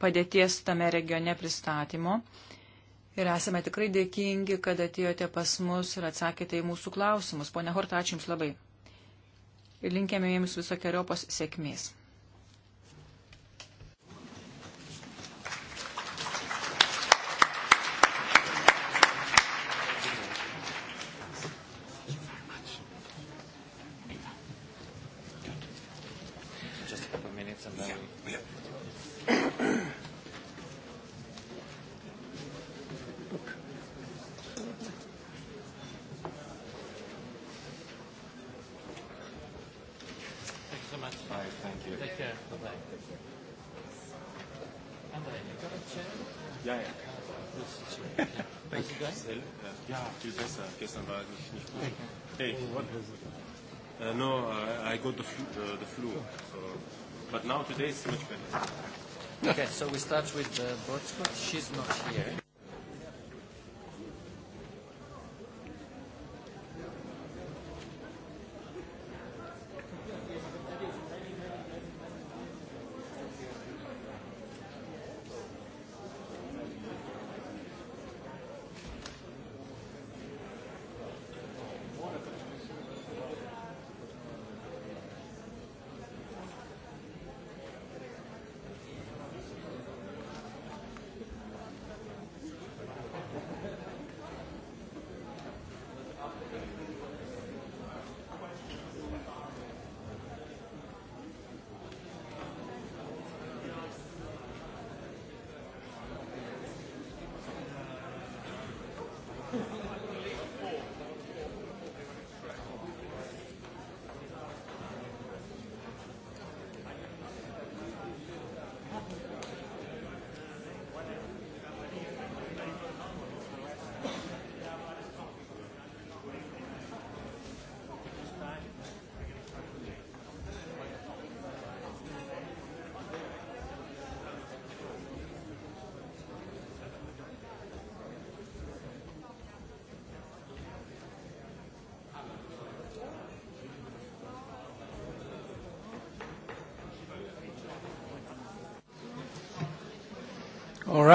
padėties tame regione pristatymo. Ir esame tikrai dėkingi, kad atėjote pas mus ir atsakėte į mūsų klausimus. Pone Horta, ačiū Jums labai. Ir linkėme Jums visokiojopos sėkmės. now today is much better. Okay, so we start with uh, Botskot. She's not here.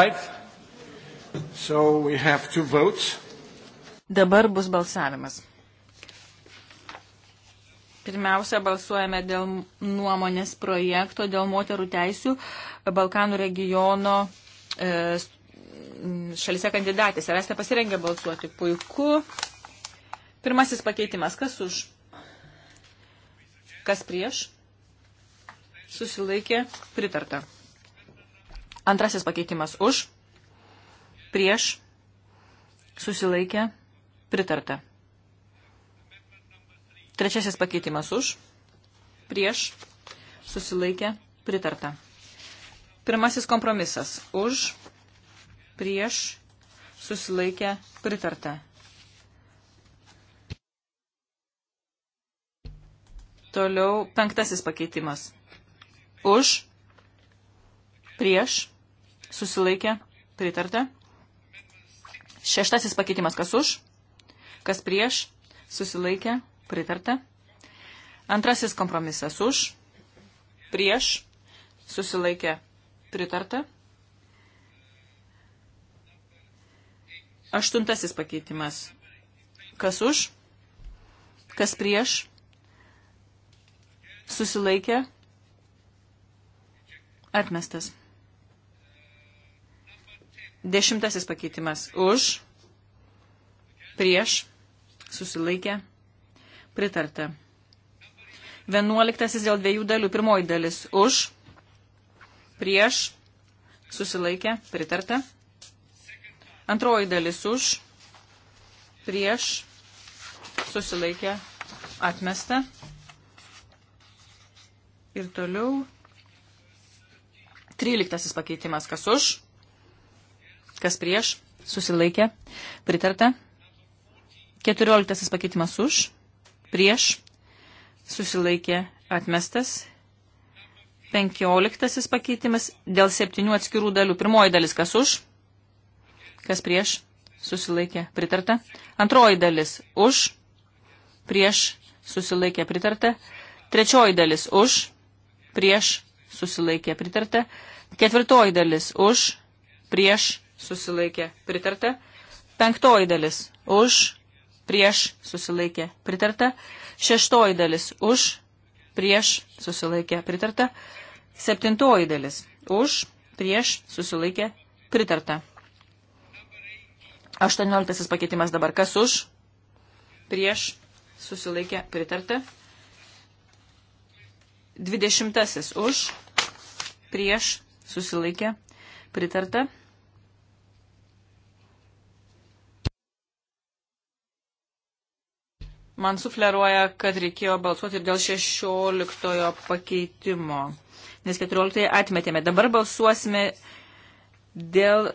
right. So we have two votes.
Dabar bus balsavimas. Pirmiausia, balsuojame dėl nuomonės projekto dėl moterų teisių Balkanų regiono e, šalise kandidatėse. Ar esate pasirengę balsuoti? Puiku. Pirmasis pakeitimas. Kas už? Kas prieš? Susilaikė. Pritarta. Antrasis pakeitimas už, prieš, susilaikė, pritarta. Trečiasis pakeitimas už, prieš, susilaikė, pritarta. Pirmasis kompromisas už, prieš, susilaikė, pritarta. Toliau penktasis pakeitimas. Už, prieš, susilaikė, pritarta. Šeštasis pakeitimas, kas už, kas prieš, susilaikė, pritarta. Antrasis kompromisas už, prieš, susilaikė, pritarta. Aštuntasis pakeitimas, kas už, kas prieš, susilaikė, atmestas. Dešimtasis pakeitimas už, prieš, susilaikė, pritarta. Vienuoliktasis dėl dviejų dalių. Pirmoji dalis už, prieš, susilaikė, pritarta. Antroji dalis už, prieš, susilaikė, atmesta. Ir toliau. Tryliktasis pakeitimas, kas už, Kas prieš? Susilaikė. Pritarta. 14 pakeitimas už. Prieš. Susilaikė. Atmestas. 15 pakeitimas dėl septynių atskirų dalių. Pirmoji dalis kas už? Kas prieš? Susilaikė. Pritarta. Antroji dalis už. Prieš. Susilaikė. Pritarta. Trečioji dalis už. Prieš. Susilaikė. Pritarta. Ketvirtoji dalis už. Prieš susilaikė pritarta. Penktoji dalis už, prieš susilaikė pritarta. Šeštoji dalis už, prieš susilaikė pritarta. Septintoji dalis už, prieš susilaikė pritarta. Aštuonioliktasis pakeitimas dabar kas už, prieš susilaikė pritarta. Dvidešimtasis už, prieš susilaikė pritarta. man sufleruoja, kad reikėjo balsuoti ir dėl 16 pakeitimo, nes 14 atmetėme. Dabar balsuosime dėl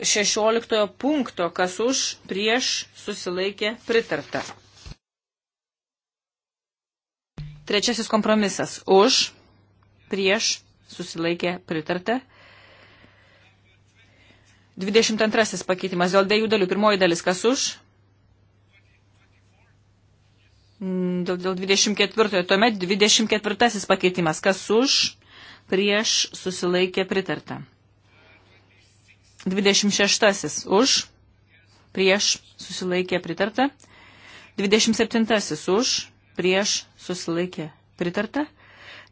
16 punkto, kas už prieš susilaikė pritarta. Trečiasis kompromisas - už prieš susilaikė pritarta. 22 pakeitimas dėl dviejų dalių. Pirmoji dalis - kas už Mm, dėl, dėl 24. Tuomet 24. pakeitimas. Kas už, prieš, susilaikė, pritarta. 26. Už, prieš, susilaikė, pritarta. 27. Už, prieš, susilaikė, pritarta.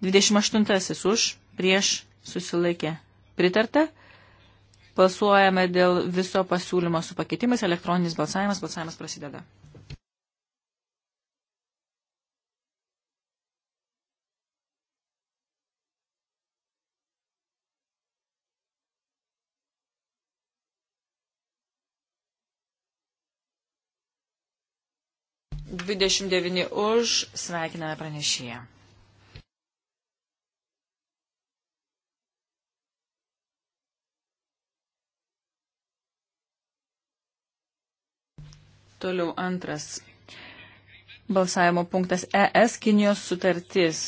28. Už, prieš, susilaikė, pritarta. Balsuojame dėl viso pasiūlymo su pakeitimais. Elektroninis balsavimas. Balsavimas prasideda. 29 už. Sveikiname pranešėją. Toliau antras balsavimo punktas ES Kinijos sutartis.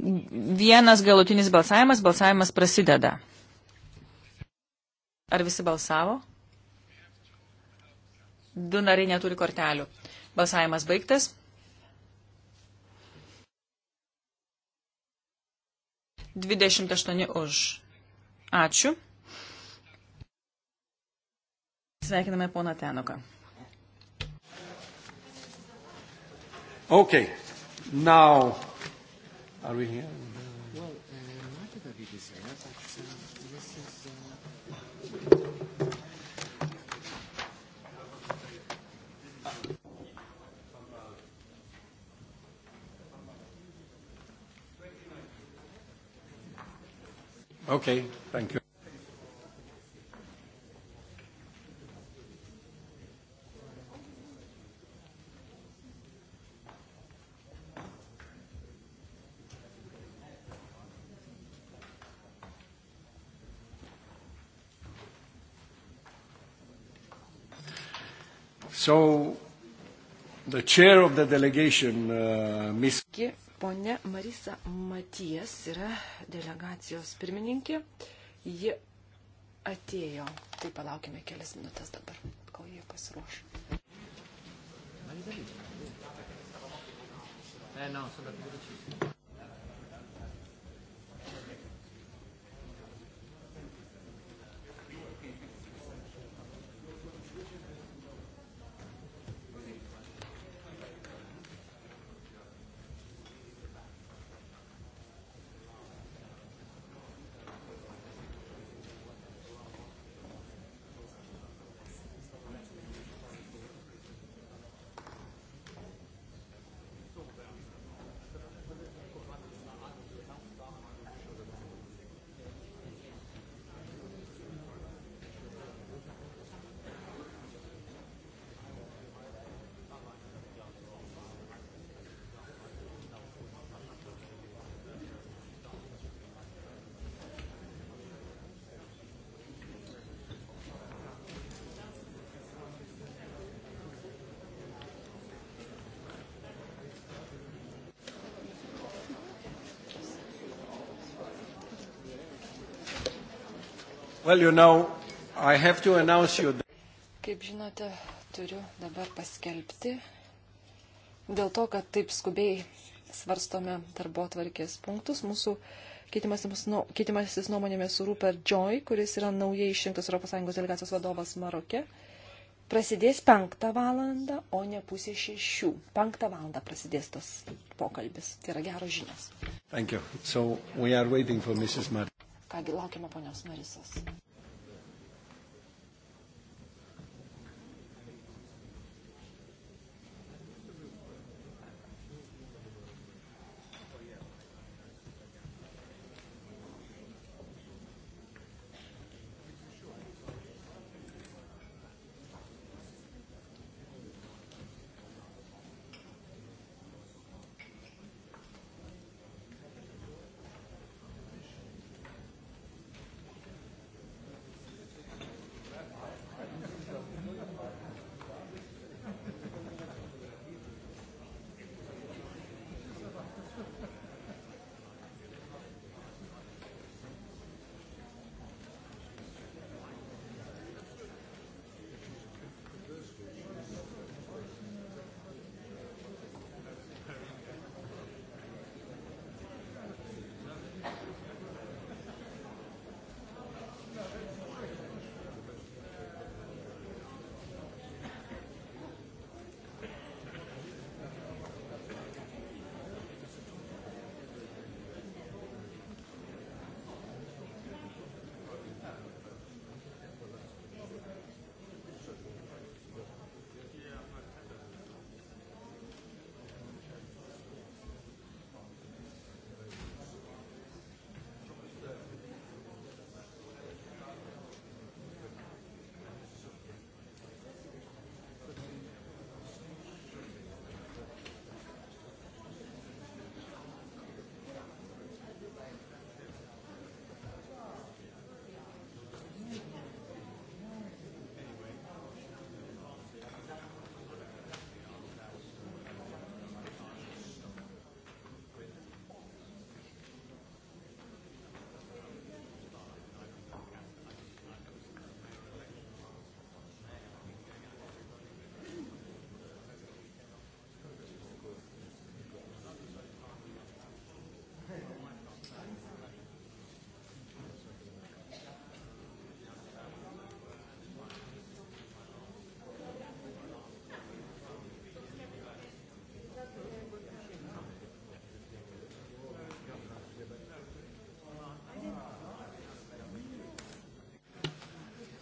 Vienas galutinis balsavimas, balsavimas prasideda. Ar visi balsavo? Du nariai neturi kortelių. Balsavimas baigtas. Dvidešimt aštuoni už. Ačiū. Sveikiname poną Tenuką.
Okay. Now, are we here?
Okay, thank you. So, the chair of the delegation, uh, Ms.
Pone Marisa Matijas yra delegacijos pirmininkė. Ji atėjo. Tai palaukime kelias minutės dabar, kol jie pasiruoš.
Eh no, sono da 15. Well, you know, I have to announce you.
Kaip žinote, turiu dabar paskelbti dėl to, kad taip skubiai svarstome darbo tvarkės punktus. Mūsų keitimasis nu, nuomonėmis su Rupert Joy, kuris yra naujai išrinktas ES delegacijos vadovas Maroke, prasidės penktą valandą, o ne pusė šešių. Penktą valandą prasidės tas pokalbis. Tai yra geros žinios.
Thank you. So we are waiting for Mrs. Mar
Kągi, laukiame ponios Marisas.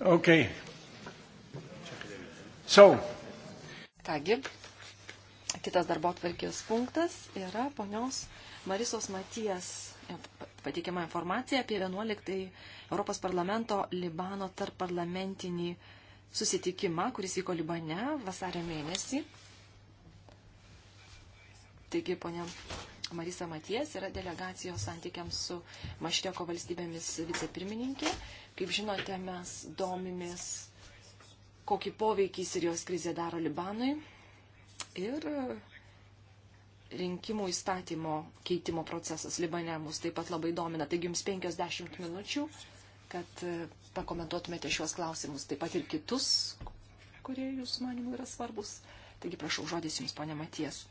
Okay. So. Kągi, kitas darbo atvarkės punktas yra ponios Marisos Matijas pateikiama informacija apie 11 Europos parlamento Libano tarp parlamentinį susitikimą, kuris vyko Libane vasario mėnesį. Taigi, ponia Marisa Maties yra delegacijos santykiams su Mašteko valstybėmis vicepirmininkė. Kaip žinote, mes domimės, kokį poveikį Sirijos krizė daro Libanui ir e, rinkimų įstatymo keitimo procesas Libane mus taip pat labai domina. Taigi jums 50 minučių, kad e, pakomentuotumėte šiuos klausimus, taip pat ir kitus, kurie jūsų manimų yra svarbus. Taigi prašau žodis jums, ponė Maties.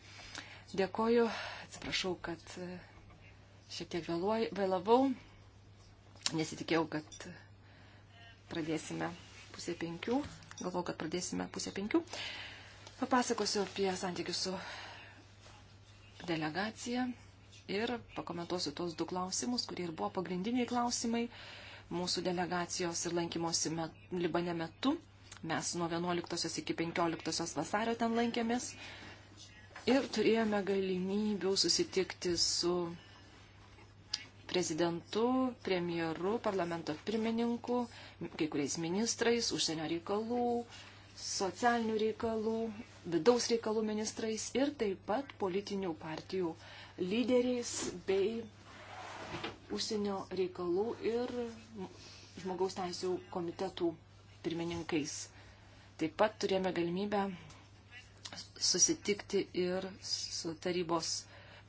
Dėkoju, atsiprašau, kad e, šiek tiek vėluoju, vėlavau, nesitikėjau, kad pradėsime pusė penkių, galvau, kad pradėsime pusė penkių. Papasakosiu apie santykius su delegacija ir pakomentuosiu tos du klausimus, kurie ir buvo pagrindiniai klausimai mūsų delegacijos ir lankymosi met, Libane metu. Mes nuo 11 iki 15 vasario ten lankėmės ir turėjome galimybių susitikti su prezidentu, premjeru, parlamento pirmininku, kai kuriais ministrais, užsienio reikalų, socialinių reikalų, vidaus reikalų ministrais ir taip pat politinių partijų lyderiais bei užsienio reikalų ir žmogaus teisų komitetų pirmininkais. Taip pat turėjome galimybę susitikti ir su tarybos,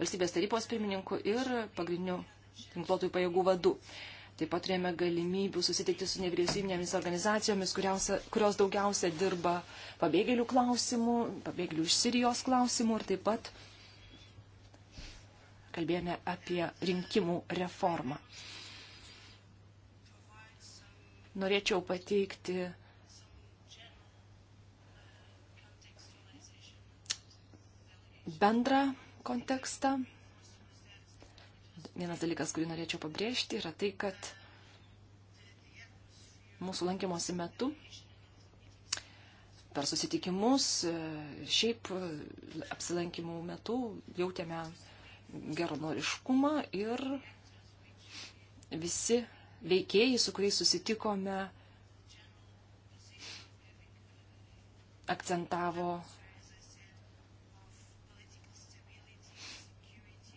valstybės tarybos pirmininku ir pagrindiniu tinklotojų pajėgų vadu. Taip pat turėjome galimybių susitikti su nevyriausybinėmis organizacijomis, kuriausia, kurios daugiausia dirba pabėgėlių klausimų, pabėgėlių iš Sirijos klausimų ir taip pat kalbėjome apie rinkimų reformą. Norėčiau pateikti bendrą kontekstą. Vienas dalykas, kurį norėčiau pabrėžti, yra tai, kad mūsų lankymosi metu per susitikimus, šiaip apsilankimų metu jautėme geronoriškumą ir visi veikėjai, su kuriais susitikome, akcentavo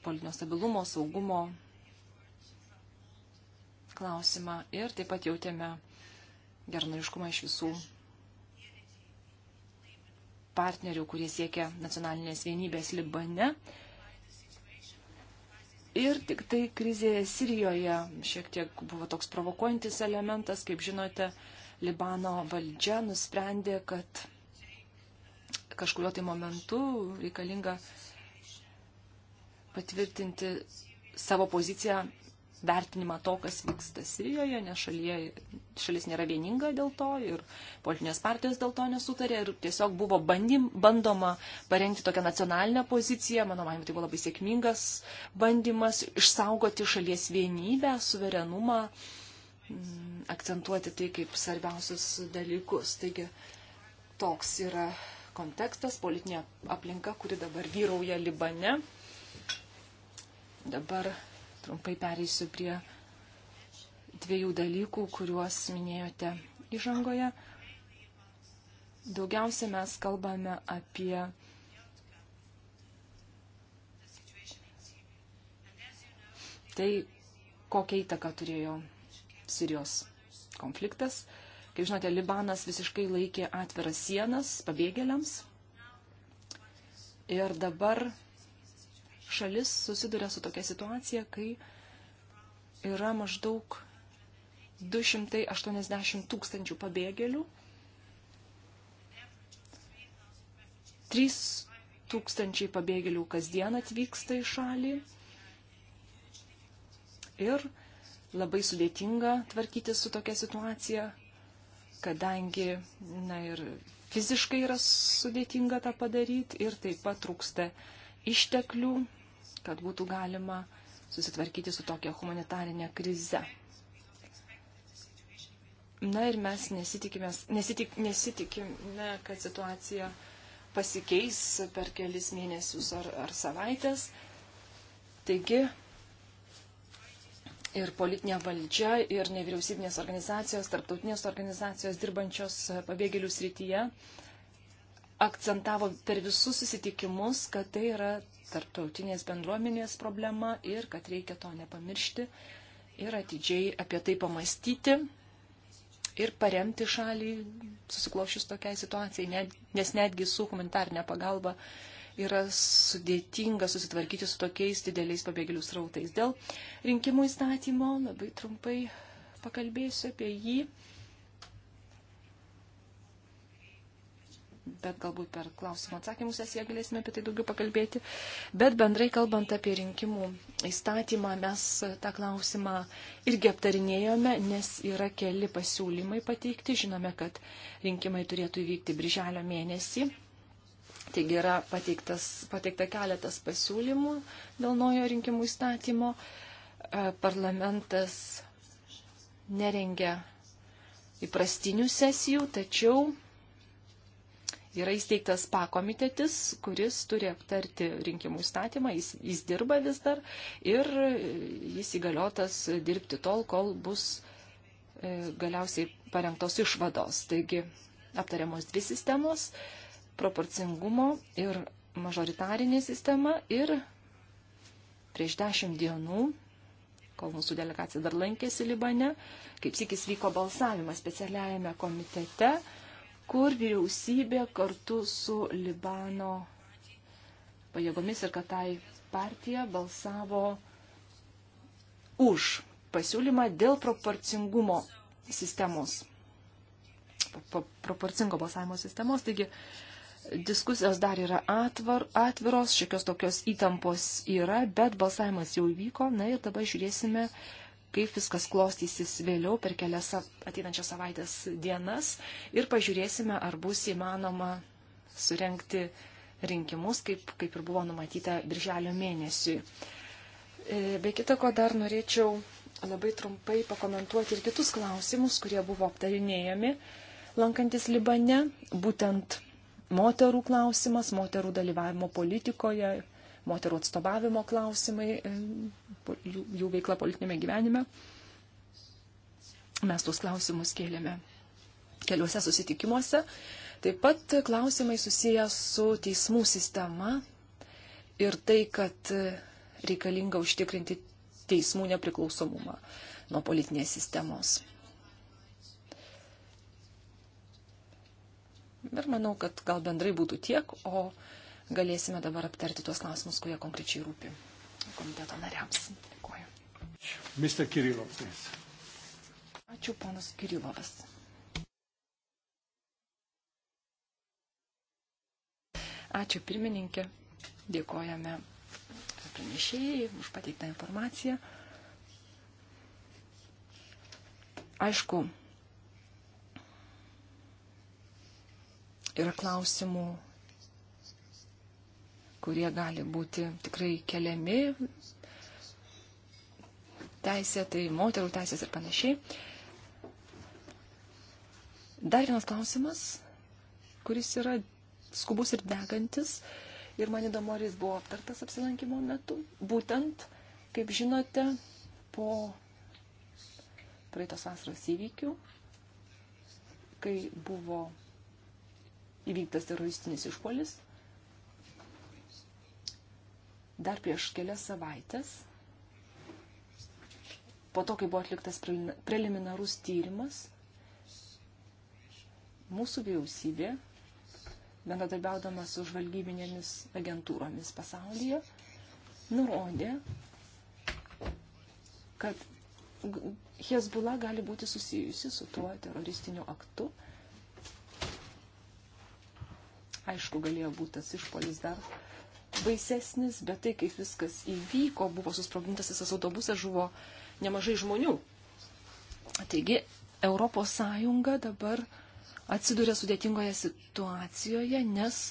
politinio stabilumo, saugumo klausimą ir taip pat jautėme gernoriškumą iš visų partnerių, kurie siekia nacionalinės vienybės Libane. Ir tik tai krizėje Sirijoje šiek tiek buvo toks provokuojantis elementas, kaip žinote, Libano valdžia nusprendė, kad kažkurio tai momentu reikalinga patvirtinti savo poziciją vertinimą to, kas vyksta Sirijoje, nes šalyje, šalis nėra vieninga dėl to ir politinės partijos dėl to nesutarė ir tiesiog buvo bandym, bandoma parengti tokią nacionalinę poziciją. Mano manimu, tai buvo labai sėkmingas bandymas išsaugoti šalies vienybę, suverenumą, mm, akcentuoti tai kaip svarbiausius dalykus. Taigi toks yra kontekstas, politinė aplinka, kuri dabar vyrauja Libane. Dabar trumpai pereisiu prie dviejų dalykų, kuriuos minėjote įžangoje. Daugiausia mes kalbame apie tai, kokią įtaką turėjo Sirijos konfliktas. Kaip žinote, Libanas visiškai laikė atviras sienas pabėgėliams. Ir dabar šalis susiduria su tokia situacija, kai yra maždaug 280 tūkstančių pabėgėlių, 3 tūkstančiai pabėgėlių kasdien atvyksta į šalį ir labai sudėtinga tvarkytis su tokia situacija, kadangi na, ir fiziškai yra sudėtinga tą padaryti ir taip pat trūksta išteklių kad būtų galima susitvarkyti su tokia humanitarinė krize. Na ir mes nesitik, nesitikime, kad situacija pasikeis per kelis mėnesius ar, ar savaitės. Taigi ir politinė valdžia, ir nevyriausybinės organizacijos, tarptautinės organizacijos dirbančios pabėgėlių srityje akcentavo per visus susitikimus, kad tai yra tarptautinės bendruomenės problema ir kad reikia to nepamiršti ir atidžiai apie tai pamastyti ir paremti šalį susiklošius tokiai situacijai, net, nes netgi su humanitarnė pagalba yra sudėtinga susitvarkyti su tokiais dideliais pabėgėlių srautais. Dėl rinkimų įstatymo labai trumpai pakalbėsiu apie jį. bet galbūt per klausimų atsakymų sesiją galėsime apie tai daugiau pakalbėti. Bet bendrai kalbant apie rinkimų įstatymą, mes tą klausimą irgi aptarinėjome, nes yra keli pasiūlymai pateikti. Žinome, kad rinkimai turėtų įvykti birželio mėnesį. Taigi yra pateikta keletas pasiūlymų dėl naujo rinkimų įstatymo. E, parlamentas nerengia įprastinių sesijų, tačiau Yra įsteigtas pakomitetis, kuris turi aptarti rinkimų įstatymą, jis, jis dirba vis dar ir jis įgaliotas dirbti tol, kol bus e, galiausiai parengtos išvados. Taigi aptariamos dvi sistemos - proporcingumo ir mažoritarinė sistema ir prieš dešimt dienų kol mūsų delegacija dar lankėsi Libane, kaip sikis vyko balsavimas specialiajame komitete kur vyriausybė kartu su Libano pajėgomis ir Katai partija balsavo už pasiūlymą dėl proporcingumo sistemos, proporcingo balsavimo sistemos. Taigi diskusijos dar yra atvar, atviros, šiokios tokios įtampos yra, bet balsavimas jau įvyko. Na ir dabar žiūrėsime, kaip viskas klostysis vėliau per kelias ateinančios savaitės dienas ir pažiūrėsime, ar bus įmanoma surenkti rinkimus, kaip, kaip ir buvo numatyta birželio mėnesiui. E, be kita ko dar norėčiau labai trumpai pakomentuoti ir kitus klausimus, kurie buvo aptarinėjami lankantis Libane, būtent moterų klausimas, moterų dalyvavimo politikoje, moterų atstovavimo klausimai, e, jų, jų veikla politinėme gyvenime. Mes tuos klausimus kėlėme keliuose susitikimuose. Taip pat klausimai susiję su teismų sistema ir tai, kad reikalinga užtikrinti teismų nepriklausomumą nuo politinės sistemos. Ir manau, kad gal bendrai būtų tiek, o galėsime dabar aptarti tuos klausimus, kurie konkrečiai rūpi komiteto nariams. Dėkuoju.
Mr. Kirilovas.
Ačiū, ponas Kirilovas. Ačiū pirmininkė. Dėkojame pranešėjai už pateiktą informaciją. Aišku, yra klausimų kurie gali būti tikrai keliami teisė, tai moterų teisės ir panašiai. Dar vienas klausimas, kuris yra skubus ir degantis, ir man įdomu, ar jis buvo aptartas apsilankimo metu. Būtent, kaip žinote, po praeitos vasaros įvykių, kai buvo įvyktas teroristinis išpolis, dar prieš kelias savaitės, po to, kai buvo atliktas preliminarus tyrimas, mūsų vyriausybė, bendradarbiaudama su žvalgybinėmis agentūromis pasaulyje, nurodė, kad Hezbollah gali būti susijusi su tuo teroristiniu aktu. Aišku, galėjo būti tas išpolis dar baisesnis, bet tai, kaip viskas įvyko, buvo susprogdintas visas autobusas, žuvo nemažai žmonių. Taigi, ES dabar atsiduria sudėtingoje situacijoje, nes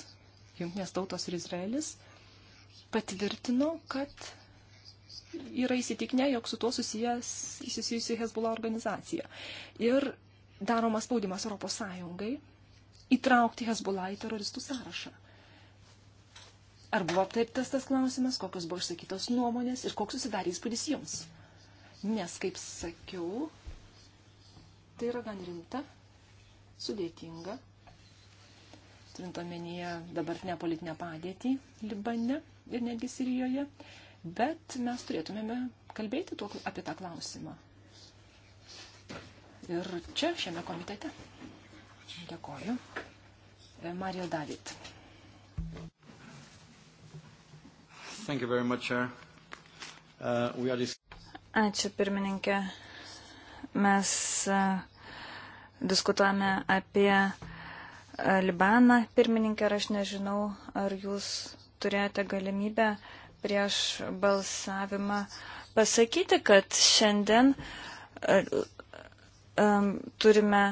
Junktinės tautos ir Izraelis patvirtino, kad yra įsitikinę, jog su tuo susijęs įsisijusi Hezbollah organizacija. Ir daromas spaudimas ES įtraukti Hezbollah į teroristų sąrašą. Ar buvo aptartas tas klausimas, kokios buvo išsakytos nuomonės ir koks susidarė įspūdis jums? Nes, kaip sakiau, tai yra gan rimta, sudėtinga, turint omenyje dabartinę politinę padėtį Libane ir netgi Sirijoje, bet mes turėtumėme kalbėti tuo, apie tą klausimą. Ir čia, šiame komitete. Dėkoju.
Marija David. Thank you very much, Chair. Uh, we are this... Ačiū, pirmininkė. Mes uh, diskutuojame apie uh, Libaną, pirmininkė, ir aš nežinau, ar jūs turėjote galimybę prieš balsavimą pasakyti, kad šiandien uh, um, turime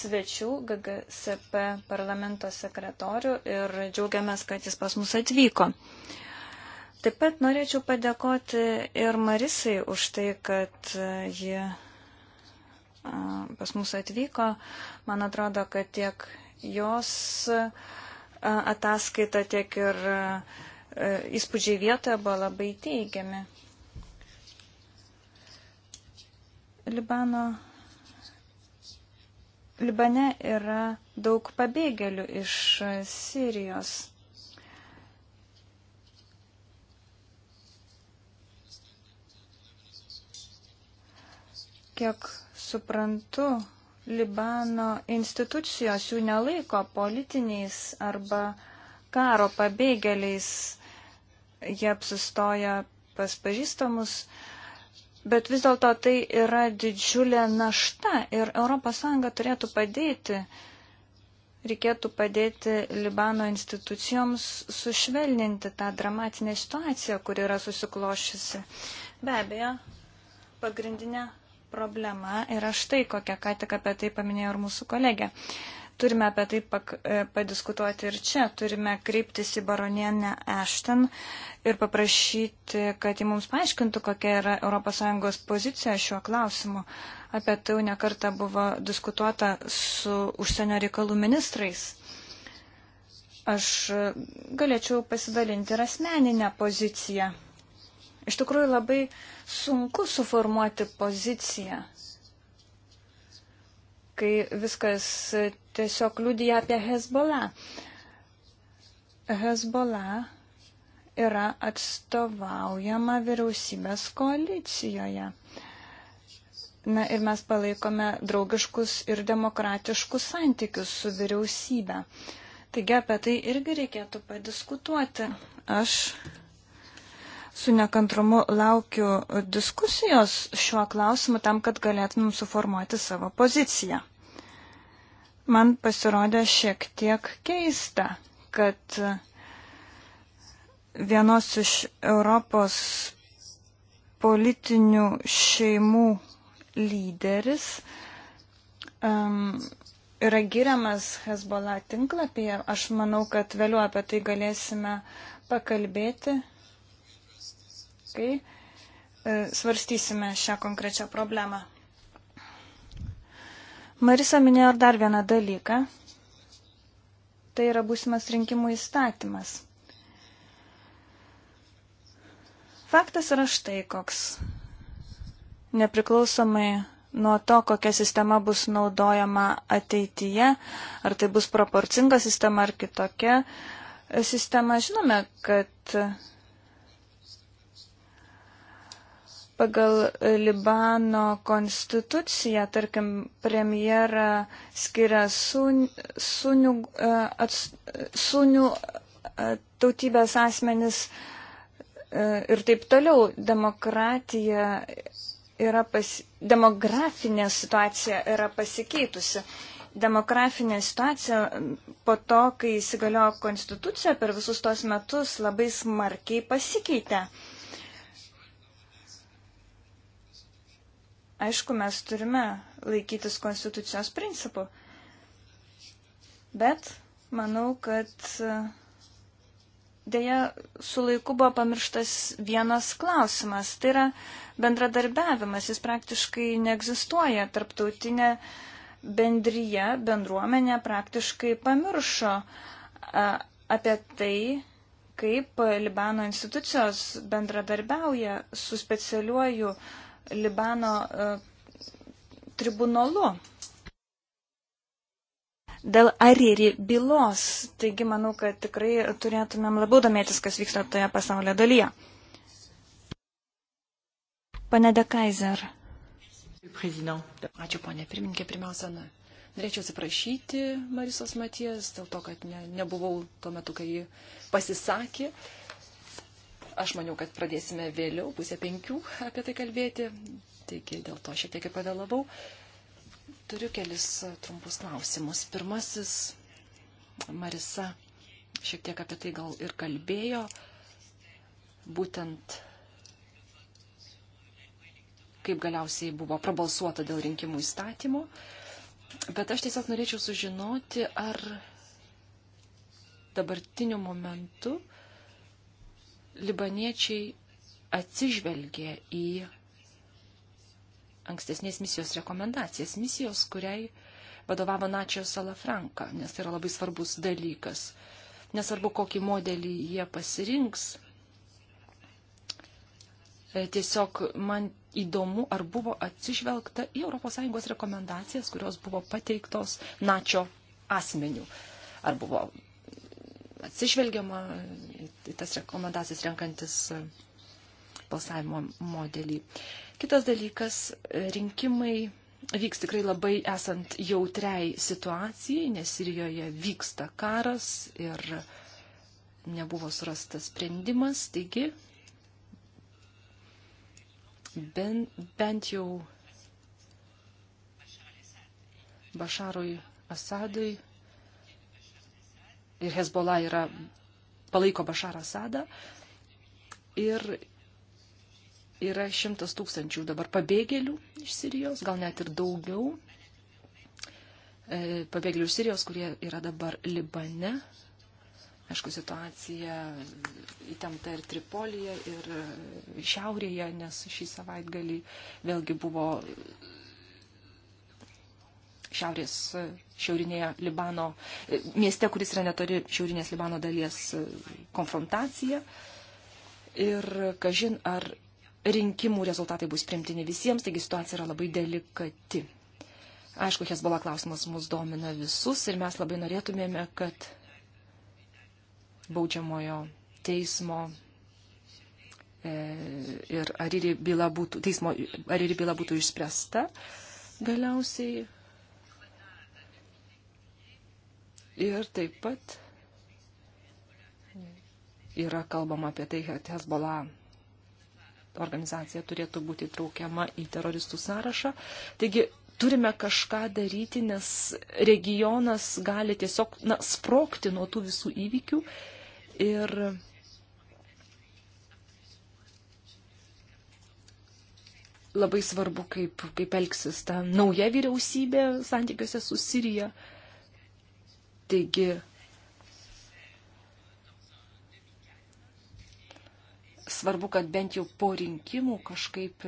svečių GGSP parlamento sekretorių ir džiaugiamės, kad jis pas mus atvyko. Uh, Taip pat norėčiau padėkoti ir Marisai už tai, kad ji pas mus atvyko. Man atrodo, kad tiek jos ataskaita, tiek ir įspūdžiai vietoje buvo labai teigiami. Libano, Libane yra daug pabėgėlių iš Sirijos. Kiek suprantu, Libano institucijos jų nelaiko politiniais arba karo pabėgėliais. Jie apsistoja pas pažįstamus, bet vis dėlto tai yra didžiulė našta ir ES turėtų padėti. Reikėtų padėti Libano institucijoms sušvelninti tą dramatinę situaciją, kur yra susiklošusi. Be abejo, pagrindinė problema yra štai kokia, ką tik apie tai paminėjo ir mūsų kolegė. Turime apie tai pak, e, padiskutuoti ir čia, turime kreiptis į baronienę Ashton ir paprašyti, kad ji mums paaiškintų, kokia yra ES pozicija šiuo klausimu. Apie tai jau nekarta buvo diskutuota su užsienio reikalų ministrais aš galėčiau pasidalinti ir asmeninę poziciją. Iš tikrųjų labai sunku suformuoti poziciją, kai viskas tiesiog liudija apie Hezbollah. Hezbollah yra atstovaujama vyriausybės koalicijoje. Na ir mes palaikome draugiškus ir demokratiškus santykius su vyriausybė. Taigi apie tai irgi reikėtų padiskutuoti. Aš Su nekantrumu laukiu diskusijos šiuo klausimu tam, kad galėtumėm suformuoti savo poziciją. Man pasirodė šiek tiek keista, kad vienos iš Europos politinių šeimų lyderis um, yra giriamas Hezbollah tinklapyje. Aš manau, kad vėliau apie tai galėsime pakalbėti kai e, svarstysime šią konkrečią problemą. Marisa minėjo ir dar vieną dalyką. Tai yra būsimas rinkimų įstatymas. Faktas yra štai koks. Nepriklausomai nuo to, kokia sistema bus naudojama ateityje, ar tai bus proporcinga sistema ar kitokia e, sistema, žinome, kad Pagal e, Libano konstituciją, tarkim, premjera skiria sun, sunių, e, ats, sunių e, tautybės asmenis ir taip toliau. Demokratija yra pas, demografinė situacija yra pasikeitusi demografinė situacija po to, kai įsigaliojo konstitucija per visus tos metus, labai smarkiai pasikeitė. Aišku, mes turime laikytis konstitucijos principų, bet manau, kad e, dėja su laiku buvo pamirštas vienas klausimas. Tai yra bendradarbiavimas. Jis praktiškai neegzistuoja. Tarptautinė bendryje, bendruomenė praktiškai pamiršo e, apie tai, kaip Libano institucijos bendradarbiauja su specialiuoju uh, Libano e, tribunolu dėl Ariri bylos. Taigi manau, kad tikrai turėtumėm labiau domėtis, kas vyksta toje pasaulio dalyje. Pane De Kaiser.
Ačiū, ponė pirmininkė. Pirmiausia, na, norėčiau atsiprašyti Marisos Maties dėl to, kad ne, nebuvau tuo metu, kai ji pasisakė. Uh, Aš maniau, kad pradėsime vėliau, pusę penkių apie tai kalbėti, taigi dėl to šiek tiek ir pavėlavau. Turiu kelis trumpus klausimus. Pirmasis, Marisa šiek tiek apie tai gal ir kalbėjo, būtent kaip galiausiai buvo prabalsuota dėl rinkimų įstatymo. Bet aš tiesiog norėčiau sužinoti, ar dabartiniu momentu uh, libaniečiai atsižvelgė į ankstesnės misijos rekomendacijas, misijos, kuriai vadovavo Načio Salafranka, nes tai yra labai svarbus dalykas. Nesvarbu, kokį modelį jie pasirinks, e, tiesiog man įdomu, ar buvo atsižvelgta į ES rekomendacijas, kurios buvo pateiktos Načio asmenių. Ar buvo atsižvelgiama į tas rekomendacijas renkantis e, balsavimo modelį. Kitas dalykas, e, rinkimai vyks tikrai labai esant jautriai situacijai, nes Sirijoje vyksta karas ir nebuvo surastas sprendimas, taigi ben, bent jau Bašarui Asadui ir Hezbollah yra, palaiko Bašarą Sadą. Ir yra šimtas tūkstančių dabar pabėgėlių iš Sirijos, gal net ir daugiau e, pabėgėlių iš Sirijos, kurie yra dabar Libane. Aišku, situacija įtempta ir Tripolyje, ir e, Šiaurėje, nes šį savaitgalį vėlgi buvo šiaurės, e, šiaurinėje Libano, e, mieste, kuris yra netoli šiaurinės Libano dalies e, konfrontacija. Ir kažin, ar rinkimų rezultatai bus primtini visiems, taigi situacija yra labai delikati. Aišku, Hezbollah klausimas mus domina visus ir mes labai norėtumėme, kad baudžiamojo teismo ir ar ir byla būtų, teismo, ar ir byla būtų išspręsta galiausiai Ir taip pat yra kalbama apie tai, kad Hezbollah organizacija turėtų būti traukiama į teroristų sąrašą. Taigi turime kažką daryti, nes regionas gali tiesiog na, sprokti nuo tų visų įvykių. Ir labai svarbu, kaip, kaip elgsis ta nauja vyriausybė santykiuose su Sirija. Uh, Taigi, svarbu, kad bent jau po rinkimų kažkaip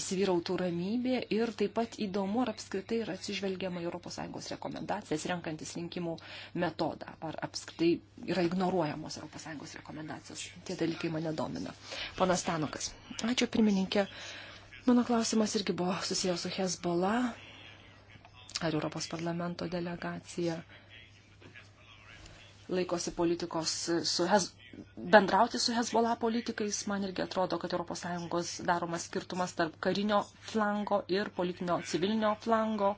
įsivyrautų ramybė ir taip pat įdomu, ar apskritai yra atsižvelgiama ES rekomendacijas renkantis rinkimų metodą, ar apskritai yra ignoruojamos ES rekomendacijos. Tie dalykai mane domina. Panas Tanukas. Ačiū pirmininkė. Mano klausimas irgi buvo susijęs su Hezbollah ar Europos parlamento delegacija laikosi politikos su Hez... bendrauti su Hezbollah politikais. Man irgi atrodo, kad ES daromas skirtumas tarp karinio flango ir politinio civilinio flango.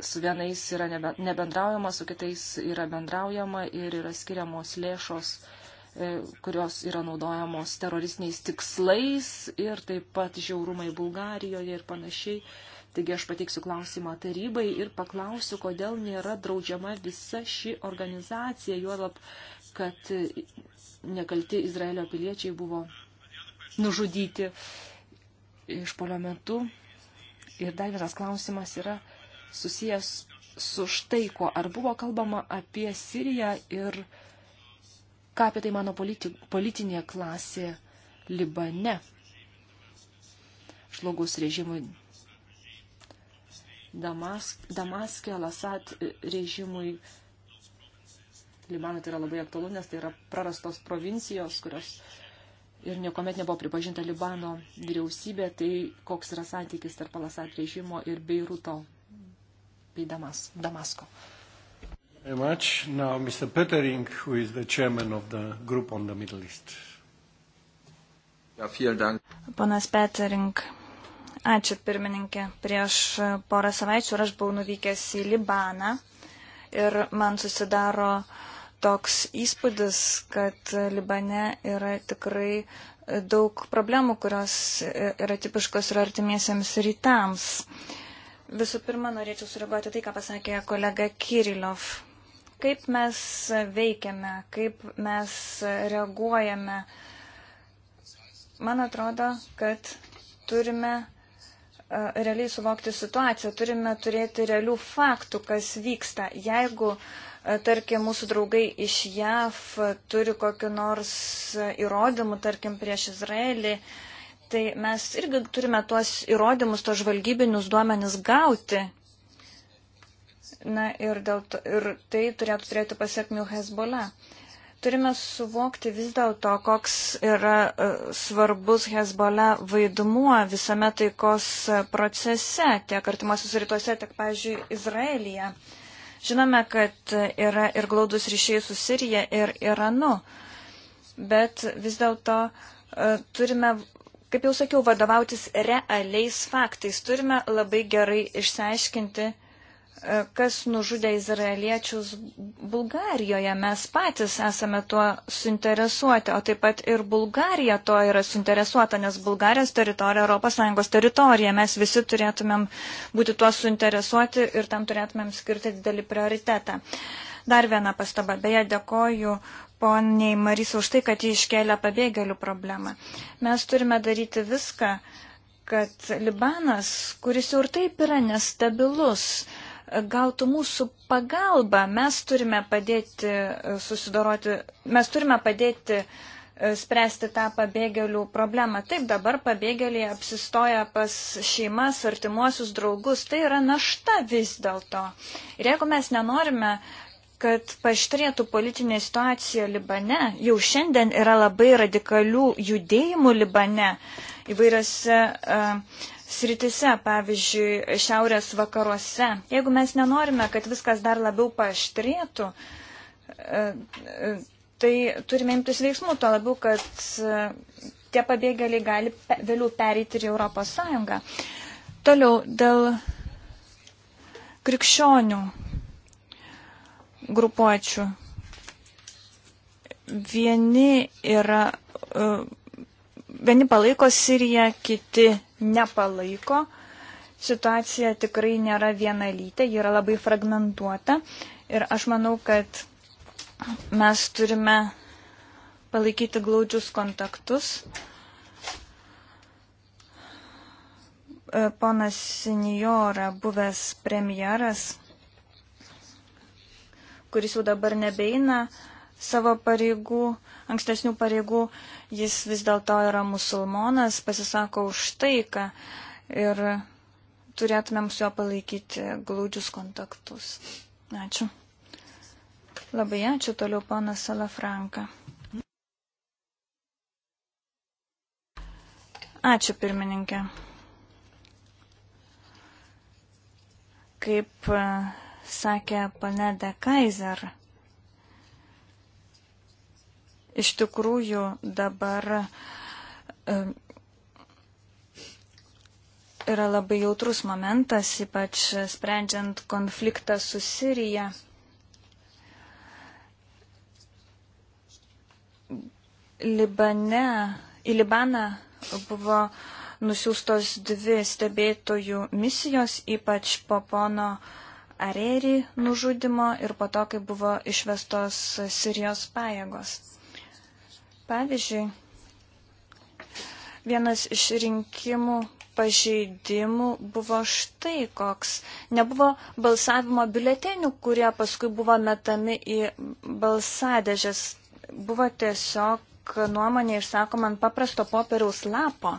Su vienais yra nebendraujama, su kitais yra bendraujama ir yra skiriamos lėšos e, kurios yra naudojamos teroristiniais tikslais ir taip pat žiaurumai Bulgarijoje ir panašiai. Taigi aš pateiksiu klausimą tarybai ir paklausiu, kodėl nėra draudžiama visa ši organizacija, juolab, kad nekalti Izraelio piliečiai buvo nužudyti išpolio metu. Ir dar vienas klausimas yra susijęs su štai ko. Ar buvo kalbama apie Siriją ir ką apie tai mano politi politinė klasė Libane? Šlogus režimui Damask, Damaskė Lasat režimui. Libanui tai yra labai aktualu, nes tai yra prarastos provincijos, kurios ir niekuomet nebuvo pripažinta Libano vyriausybė, tai koks yra santykis tarp Alasat režimo ir Beiruto bei Damas, Damasko.
Now, Mr. Petering, who is the chairman of the group on the Middle East.
Ja, vielen Dank.
Ponas Petering, Ačiū pirmininkė. Prieš porą savaičių aš buvau nuvykęs į Libaną ir man susidaro toks įspūdis, kad Libane yra tikrai daug problemų, kurios yra tipiškos ir artimiesiems rytams. Visų pirma, norėčiau sureaguoti tai, ką pasakė kolega Kirilov. Kaip mes veikiame, kaip mes reaguojame. Man atrodo, kad turime realiai suvokti situaciją, turime turėti realių faktų, kas vyksta. Jeigu, tarkim, mūsų draugai iš JAV turi kokiu nors įrodymu, tarkim, prieš Izraelį, tai mes irgi turime tuos įrodymus, tos žvalgybinius duomenis gauti. Na ir, to, ir tai turėtų turėti pasiekmių Hezbollah. Turime suvokti vis dėlto, koks yra e, svarbus Hezbollah vaidmuo visame taikos e, procese, tiek artimuosius rytuose, tiek, pavyzdžiui, Izraelyje. Žinome, kad yra ir glaudus ryšiai su Sirija ir Iranu, bet vis dėlto e, turime kaip jau sakiau, vadovautis realiais faktais. Turime labai gerai išsiaiškinti, kas nužudė izraeliečius Bulgarijoje. Mes patys esame tuo suinteresuoti, o taip pat ir Bulgarija tuo yra suinteresuota, nes Bulgarijos teritorija ES teritorija. Mes visi turėtumėm būti tuo suinteresuoti ir tam turėtumėm skirti didelį prioritetą. Dar viena pastaba. Beje, dėkoju poniai Marisa už tai, kad jį iškėlė pabėgėlių problemą. Mes turime daryti viską, kad Libanas, kuris jau ir taip yra nestabilus, gautų mūsų pagalbą. Mes turime padėti e, susidoroti, mes turime padėti e, spręsti tą pabėgėlių problemą. Taip dabar pabėgėliai apsistoja pas šeimas, artimuosius draugus. Tai yra našta vis dėlto. Ir jeigu mes nenorime, kad paštrėtų politinė situacija Libane, jau šiandien yra labai radikalių judėjimų Libane įvairiose uh, sritise, pavyzdžiui, šiaurės vakaruose. Jeigu mes nenorime, kad viskas dar labiau paštrėtų, e, e, tai turime imtis veiksmų, tuo labiau, kad e, tie pabėgėliai gali vėliau pereiti ir į Europos Sąjungą. Toliau, dėl krikščionių grupuočių. Vieni yra. Vieni palaiko Siriją, kiti nepalaiko. Situacija tikrai nėra vienalytė, ji yra labai fragmentuota ir aš manau, kad mes turime palaikyti glaudžius kontaktus. E, ponas Seniora, buvęs premjeras, kuris jau dabar nebeina, uh, savo pareigų, ankstesnių pareigų. Jis vis dėlto yra musulmonas, pasisako už taiką ir turėtumėm su juo palaikyti glaudžius kontaktus. Ačiū. Labai ačiū toliau, ponas Salafranka. Ačiū, pirmininkė. Kaip e, sakė pane De Kaiser, Iš tikrųjų dabar e, yra labai jautrus momentas, ypač sprendžiant konfliktą su Sirija. Libane, į Libaną buvo nusiųstos dvi stebėtojų misijos, ypač po pono Arerį nužudimo ir po to, kai buvo išvestos Sirijos pajėgos. Pavyzdžiui, vienas iš rinkimų pažeidimų buvo štai koks. Nebuvo balsavimo biuletenių, kurie paskui buvo metami į balsadėžės. Buvo tiesiog nuomonė išsakoma ant paprasto popieriaus lapo.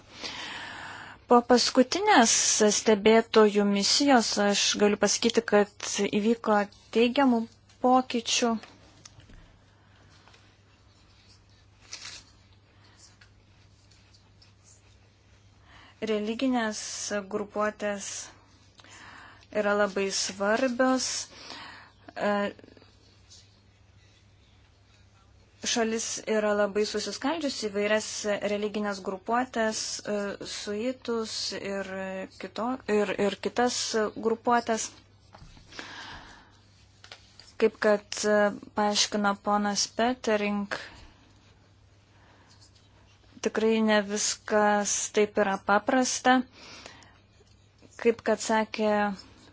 Po paskutinės stebėtojų misijos aš galiu pasakyti, kad įvyko teigiamų pokyčių Religinės grupuotės yra labai svarbios. E, šalis yra labai susiskaldžiusi įvairias religinės grupuotės, e, suitus ir, kito, ir, ir kitas grupuotės. Kaip kad e, paaiškino ponas Petering, tikrai ne viskas taip yra paprasta. Kaip kad sakė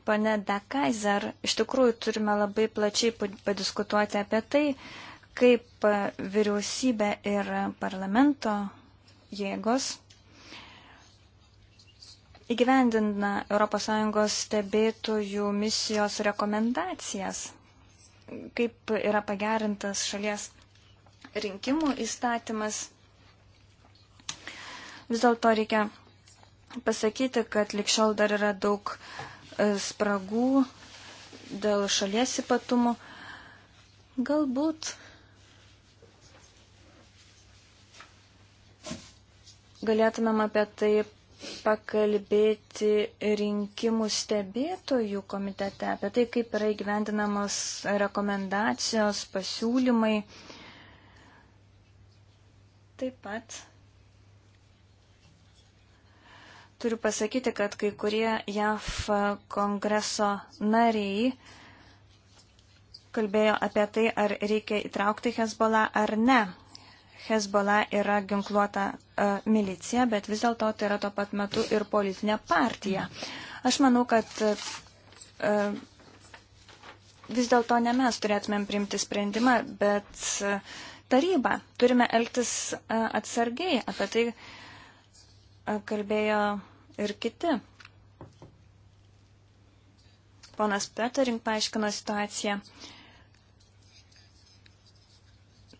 pane Dekaiser, iš tikrųjų turime labai plačiai padiskutuoti apie tai, kaip vyriausybė ir parlamento jėgos įgyvendina ES stebėtojų misijos rekomendacijas, kaip yra pagerintas šalies rinkimų įstatymas. Vis dėlto reikia pasakyti, kad likščiol dar yra daug e, spragų dėl šalies ypatumų. Galbūt galėtumėm apie tai pakalbėti rinkimų stebėtojų komitete, apie tai, kaip yra įgyvendinamos rekomendacijos, pasiūlymai. Taip pat Turiu pasakyti, kad kai kurie JAF kongreso nariai kalbėjo apie tai, ar reikia įtraukti Hezbollah ar ne. Hezbollah yra ginkluota uh, milicija, bet vis dėlto tai yra tuo pat metu ir politinė partija. Aš manau, kad uh, vis dėlto ne mes turėtumėm priimti sprendimą, bet uh, taryba. Turime elgtis uh, atsargiai. Apie tai uh, kalbėjo ir kiti. Ponas Petering paaiškino situaciją.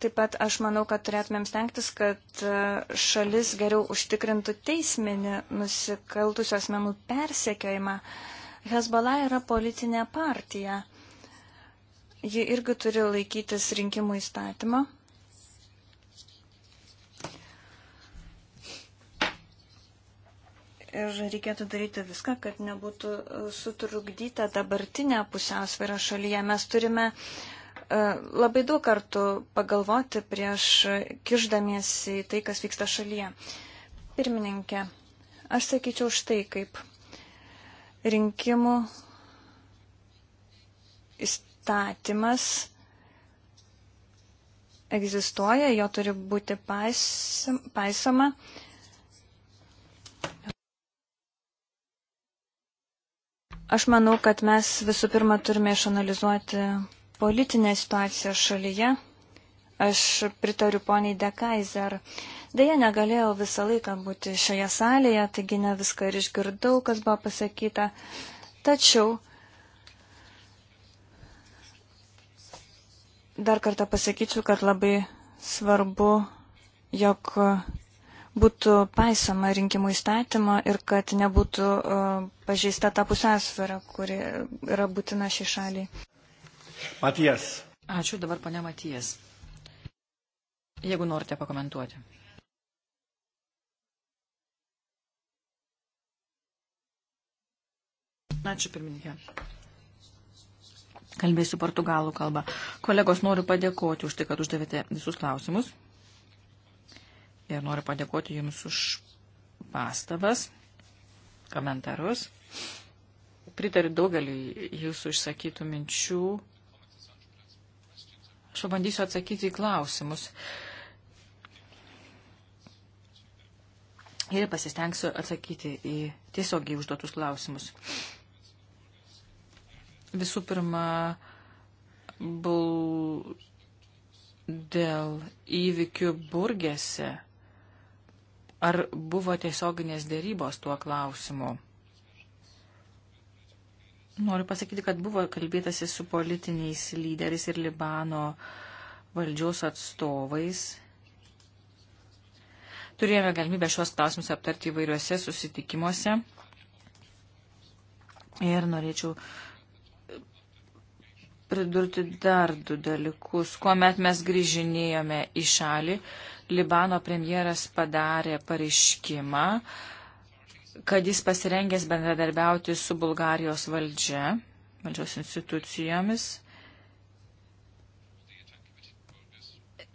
Taip pat aš manau, kad turėtumėm stengtis, kad e, šalis geriau užtikrintų teisminį nusikaltusių asmenų persekiojimą. Hezbollah yra politinė partija. Ji irgi turi laikytis rinkimų įstatymą. ir reikėtų daryti viską, kad nebūtų e, sutrukdyta dabartinė pusiausvėra šalyje. Mes turime e, labai daug kartų pagalvoti prieš kiždamiesi į tai, kas vyksta šalyje. Pirmininkė, aš sakyčiau štai kaip rinkimų įstatymas egzistuoja, jo turi būti paisoma. Aš manau, kad mes visų pirma turime išanalizuoti politinę situaciją šalyje. Aš pritariu poniai Dekaiser. Deja, negalėjau visą laiką būti šioje salėje, taigi ne viską ir išgirdau, kas buvo pasakyta. Tačiau dar kartą pasakyčiau, kad labai svarbu, jog būtų paisoma rinkimų įstatymo ir kad nebūtų e, pažeista ta pusiausvėra, kuri yra būtina šiai šaliai. Matijas. Ačiū dabar, pane Matijas. Jeigu norite pakomentuoti.
Ačiū pirmininkė.
Kalbėsiu portugalų kalbą. Kolegos, noriu padėkoti už tai, kad uždavėte visus klausimus ir noriu padėkoti Jums už pastabas, komentarus. Pritariu daugelį Jūsų išsakytų minčių. Aš pabandysiu atsakyti į klausimus. Ir pasistengsiu atsakyti į tiesiogiai užduotus klausimus. Visų pirma, buvau dėl įvykių burgėse Ar buvo tiesioginės dėrybos tuo klausimu? Noriu pasakyti, kad buvo kalbėtasi su politiniais lyderiais ir Libano valdžios atstovais. Turėjome galimybę šios klausimus aptarti įvairiuose susitikimuose. Ir norėčiau pridurti dar du dalykus. Kuomet mes grįžinėjome į šalį, Libano premjeras padarė pareiškimą, kad jis pasirengęs bendradarbiauti su Bulgarijos valdžia, valdžios institucijomis.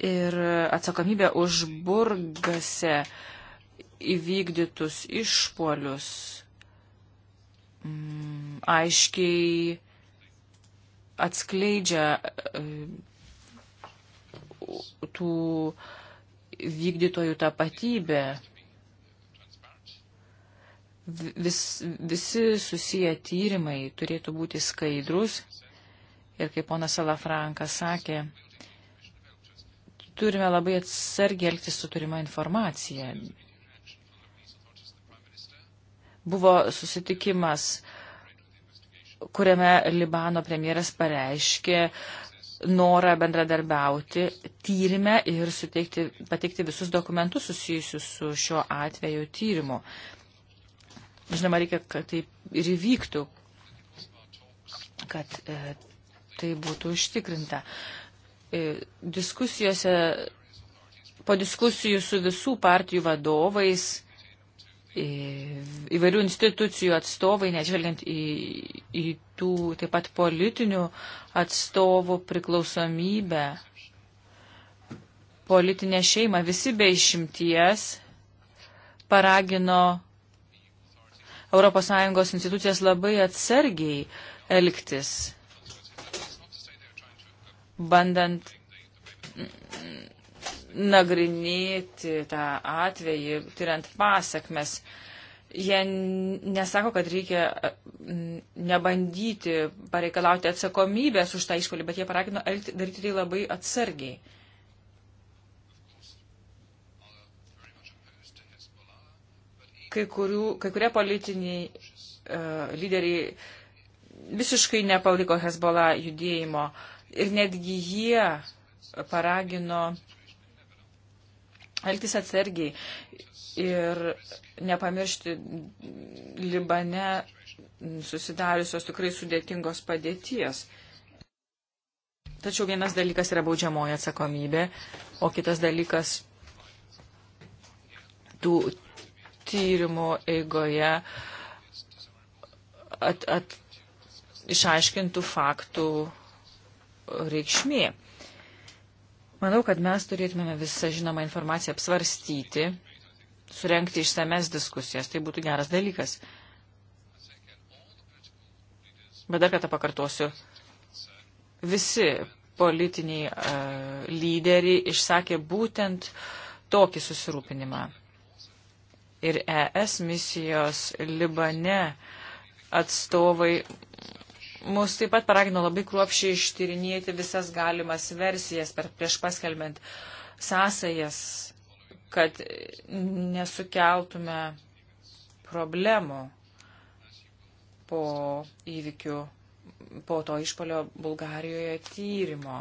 Ir atsakomybė už burgase įvykdytus išpolius mm, aiškiai atskleidžia e, tų uh, vykdytojų tapatybė. Vis, visi susiję tyrimai turėtų būti skaidrus ir kaip ponas Salafrankas sakė, turime labai atsargiai elgtis su turima informacija. Buvo susitikimas kuriame Libano premjeras pareiškė, norą bendradarbiauti tyrimę ir suteikti, pateikti visus dokumentus susijusius su šiuo atveju tyrimu. Žinoma, reikia, kad taip ir įvyktų, kad e, tai būtų užtikrinta. E, diskusijose, po diskusijų su visų partijų vadovais, E, įvairių institucijų atstovai, nežvelgiant į, į tų taip pat politinių atstovų priklausomybę, politinė šeima, visi be išimties paragino ES institucijas labai atsargiai elgtis, bandant nagrinėti tą atvejį, tyriant pasiekmes. Jie nesako, kad reikia nebandyti pareikalauti atsakomybės už tą išpolį, bet jie paragino daryti tai labai atsargiai. Kai, kurių, kai kurie politiniai uh, lyderiai visiškai nepaliko Hezbollah judėjimo ir netgi jie paragino uh, elgtis atsargiai ir nepamiršti Libane susidariusios tikrai sudėtingos padėties. Tačiau vienas dalykas yra baudžiamoji atsakomybė, o kitas dalykas tų tyrimo eigoje at, at, išaiškintų faktų reikšmė. Manau, kad mes turėtume visą žinomą informaciją apsvarstyti, surenkti išsames diskusijas. Tai būtų geras dalykas. Bet dar kartą pakartosiu. Visi politiniai uh, lyderiai išsakė būtent tokį susirūpinimą. Ir ES misijos Libane atstovai Mus taip pat paragino labai kruopšiai ištyrinėti visas galimas versijas per, prieš paskelbent sąsajas, kad nesukeltume problemų po įvykių, po to išpolio Bulgarijoje tyrimo.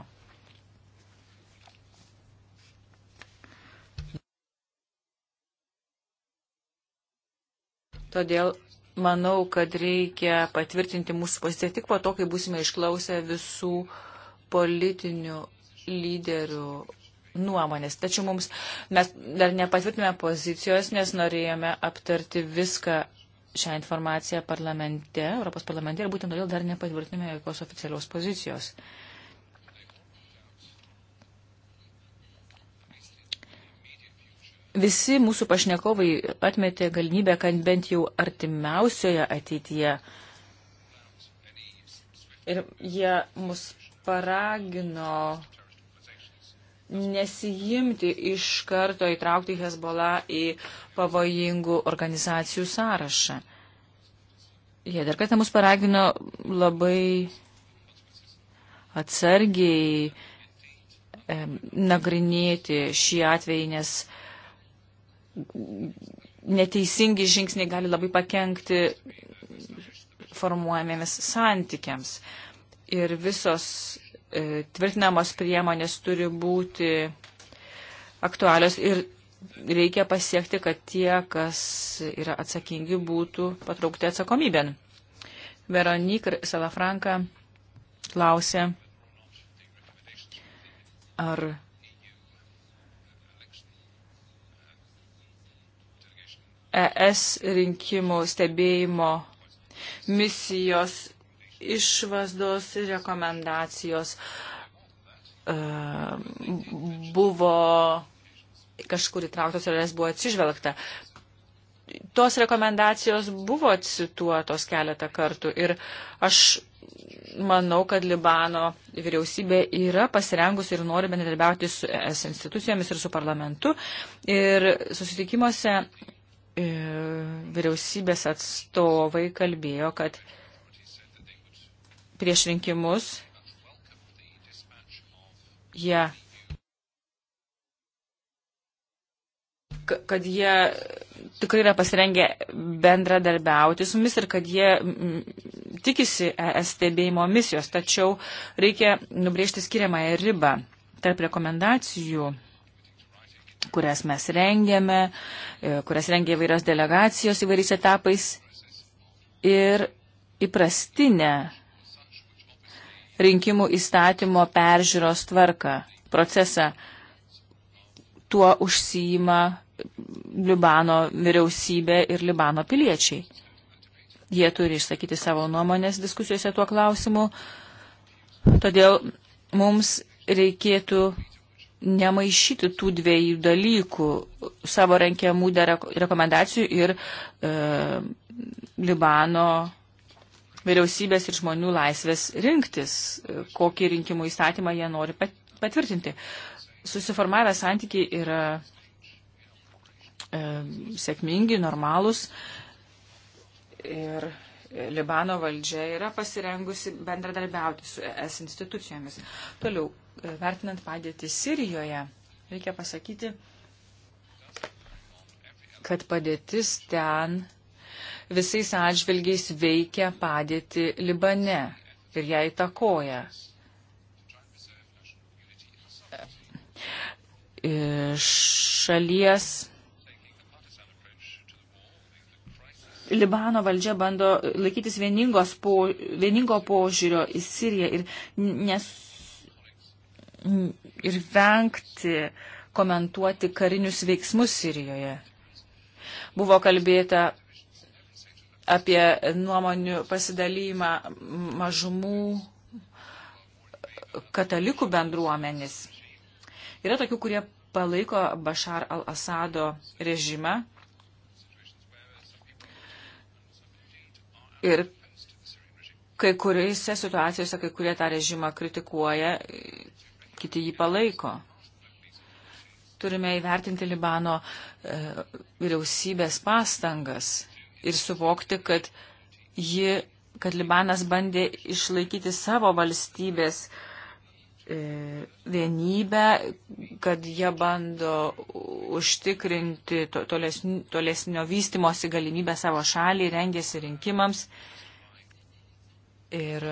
Todėl manau, kad reikia patvirtinti mūsų poziciją tik po to, kai būsime išklausę visų politinių lyderių nuomonės. Tačiau mums, mes dar nepatvirtinome pozicijos, nes norėjome aptarti viską šią informaciją parlamente, Europos parlamente ir būtent todėl dar nepatvirtinome jokios oficialios pozicijos. Visi mūsų pašnekovai atmetė galimybę, kad bent jau artimiausioje ateityje ir jie mus paragino nesijimti iš karto įtraukti Hezbollah į pavojingų organizacijų sąrašą. Jie dar kartą mus paragino labai atsargiai e, nagrinėti šį atvejį, nes neteisingi žingsniai gali labai pakengti formuojamėmis santykiams. Ir visos e, tvirtinamos priemonės turi būti aktualios ir reikia pasiekti, kad tie, kas yra atsakingi, būtų patraukti atsakomybėn. Veronik Salafranka klausė, ar ES rinkimų stebėjimo misijos išvasdos ir rekomendacijos e, buvo kažkur įtrauktos ir jas buvo atsižvelgta. Tos rekomendacijos buvo cituotos keletą kartų ir aš manau, kad Libano vyriausybė yra pasirengusi ir nori bendradarbiauti su ES institucijomis ir su parlamentu. Ir susitikimuose E, vyriausybės atstovai kalbėjo, kad prieš rinkimus jie, kad jie tikrai yra pasirengę bendradarbiauti su mumis ir kad jie tikisi e stebėjimo misijos, tačiau reikia nubrėžti skiriamąją ribą tarp rekomendacijų kurias mes rengėme, e, kurias rengė įvairios delegacijos įvairiais etapais ir įprastinę rinkimų įstatymo peržiūros tvarką, procesą. Tuo užsijima Libano vyriausybė ir Libano piliečiai. Jie turi išsakyti savo nuomonės diskusijose tuo klausimu, todėl mums reikėtų nemaišyti tų dviejų dalykų - savo rankiamų rekomendacijų ir e, Libano vyriausybės ir žmonių laisvės rinktis, e, kokį rinkimų įstatymą jie nori patvirtinti. Susiformavę santykiai yra e, sėkmingi, normalūs ir Libano valdžia yra pasirengusi bendradarbiauti su es institucijomis. Toliau, vertinant padėtį Sirijoje, reikia pasakyti, kad padėtis ten visais atžvilgiais veikia padėti Libane ir ją įtakoja. Šalies Libano valdžia bando laikytis vieningos po, vieningo požiūrio į Siriją ir nes, ir vengti komentuoti karinius veiksmus Sirijoje. Buvo kalbėta apie nuomonių pasidalymą mažumų katalikų bendruomenis. Yra tokių, kurie palaiko Bashar al-Assado režimą ir kai kuriuose situacijose kai kurie tą režimą kritikuoja, kiti jį palaiko. Turime įvertinti Libano e, vyriausybės pastangas ir suvokti, kad, ji, kad Libanas bandė išlaikyti savo valstybės e, vienybę, kad jie bando užtikrinti to, tolesnio, tolesnio vystimosi galimybę savo šalį, rengėsi rinkimams. Ir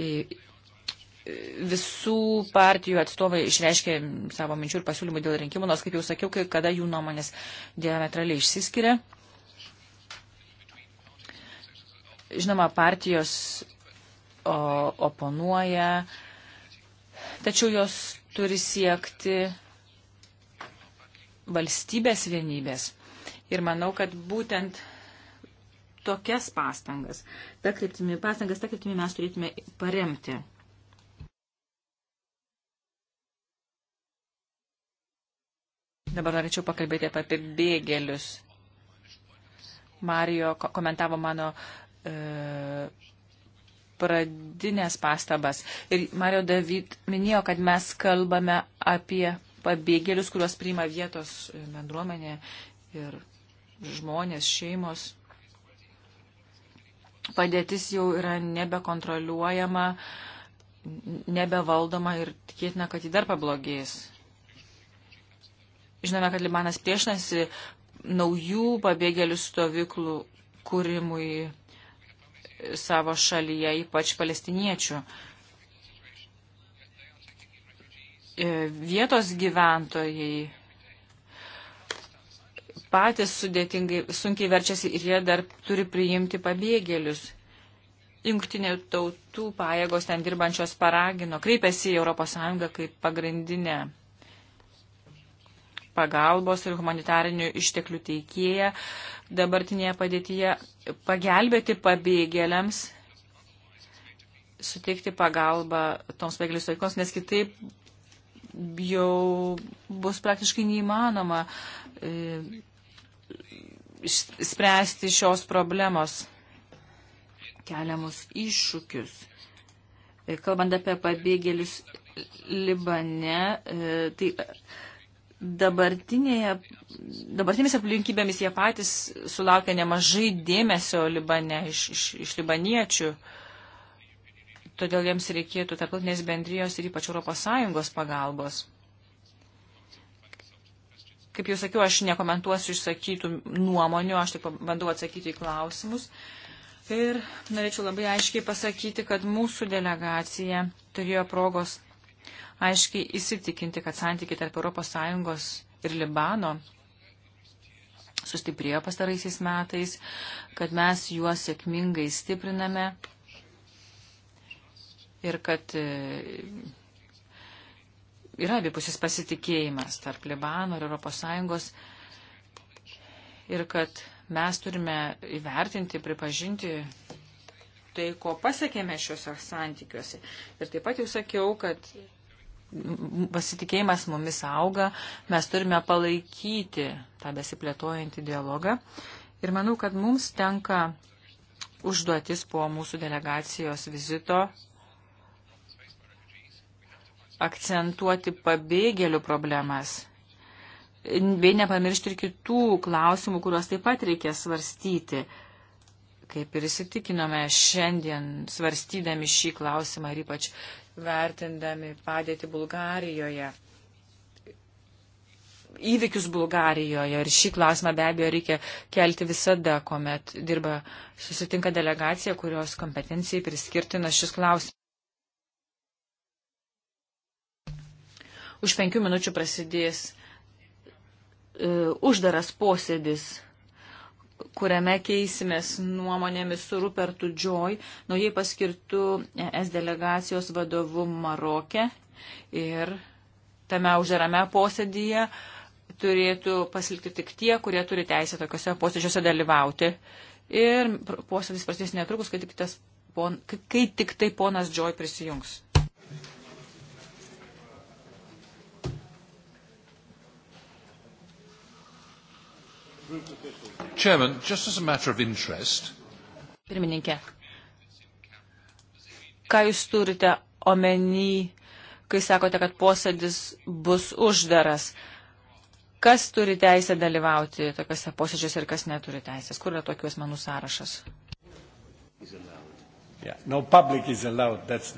į, visų partijų atstovai išreiškė savo minčių ir pasiūlymų dėl rinkimų, nors, kaip jau sakiau, kai kada jų nuomonės diametraliai išsiskiria. Žinoma, partijos o, oponuoja, tačiau jos turi siekti valstybės vienybės. Ir manau, kad būtent tokias pastangas, ta kryptimi, pastangas, ta kryptimi mes turėtume paremti. Dabar norėčiau pakalbėti apie pabėgėlius. Marijo komentavo mano e, pradinės pastabas. Ir Mario David minėjo, kad mes kalbame apie pabėgėlius, kuriuos priima vietos bendruomenė ir žmonės, šeimos. Padėtis jau yra nebekontroliuojama, nebevaldoma ir tikėtina, kad ji dar pablogės. Žinome, kad Libanas priešinasi naujų pabėgėlių stovyklų kūrimui savo šalyje, ypač palestiniečių. E, vietos gyventojai patys sudėtingai, sunkiai verčiasi ir jie dar turi priimti pabėgėlius. Jungtinių tautų pajėgos ten dirbančios paragino, kreipėsi į ES kaip pagrindinę pagalbos ir humanitarinių išteklių teikėja dabartinėje padėtyje pagelbėti pabėgėliams, suteikti pagalbą toms pabėgėlių stovykloms, nes kitaip jau bus praktiškai neįmanoma e, spręsti šios problemos keliamus iššūkius. E, kalbant apie pabėgėlius Libane, e, tai dabartinėmis aplinkybėmis jie patys sulaukia nemažai dėmesio Libane iš, iš, iš libaniečių. Todėl jiems reikėtų tarptautinės bendrijos ir ypač ES pagalbos. Kaip jau sakiau, aš nekomentuosiu išsakytų nuomonių, aš tik bandau atsakyti į klausimus. Ir norėčiau labai aiškiai pasakyti, kad mūsų delegacija turėjo progos aiškiai įsitikinti, kad santykiai tarp ES ir Libano sustiprėjo pastaraisiais metais, kad mes juos sėkmingai stipriname ir kad e, yra abipusis pasitikėjimas tarp Libano ir ES ir kad mes turime įvertinti, pripažinti tai, ko pasiekėme šiuose santykiuose. Ir taip pat jau sakiau, kad pasitikėjimas mumis auga, mes turime palaikyti tą besiplėtojantį dialogą. Ir manau, kad mums tenka užduotis po mūsų delegacijos vizito akcentuoti pabėgėlių problemas, bei nepamiršti ir kitų klausimų, kuriuos taip pat reikia svarstyti kaip ir įsitikinome šiandien svarstydami šį klausimą ir ypač vertindami padėti Bulgarijoje, įvykius Bulgarijoje. Ir šį klausimą be abejo reikia kelti visada, kuomet dirba, susitinka delegacija, kurios kompetencijai priskirtina šis klausimas. Už penkių minučių prasidės uh, uždaras posėdis kuriame keisimės nuomonėmis su Rupertu Džoj, naujai paskirtų ES delegacijos vadovu Marokė. Ir tame uždarame posėdyje turėtų pasilikti tik tie, kurie turi teisę tokiuose posėdžiuose dalyvauti. Ir posėdis prasidės netrukus, kai tik, pon, kai tik tai ponas Džoj prisijungs. Thank you. Chairman, just as a matter of interest. Pirmininkė, ką jūs turite omeny, kai sakote, kad posėdis bus uždaras? Kas turi teisę dalyvauti tokiuose posėdžiuose ir kas neturi teisės? Kur yra tokių asmenų sąrašas?
Yeah. No allowed,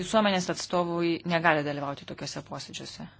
Visuomenės atstovui negali dalyvauti tokiuose posėdžiuose.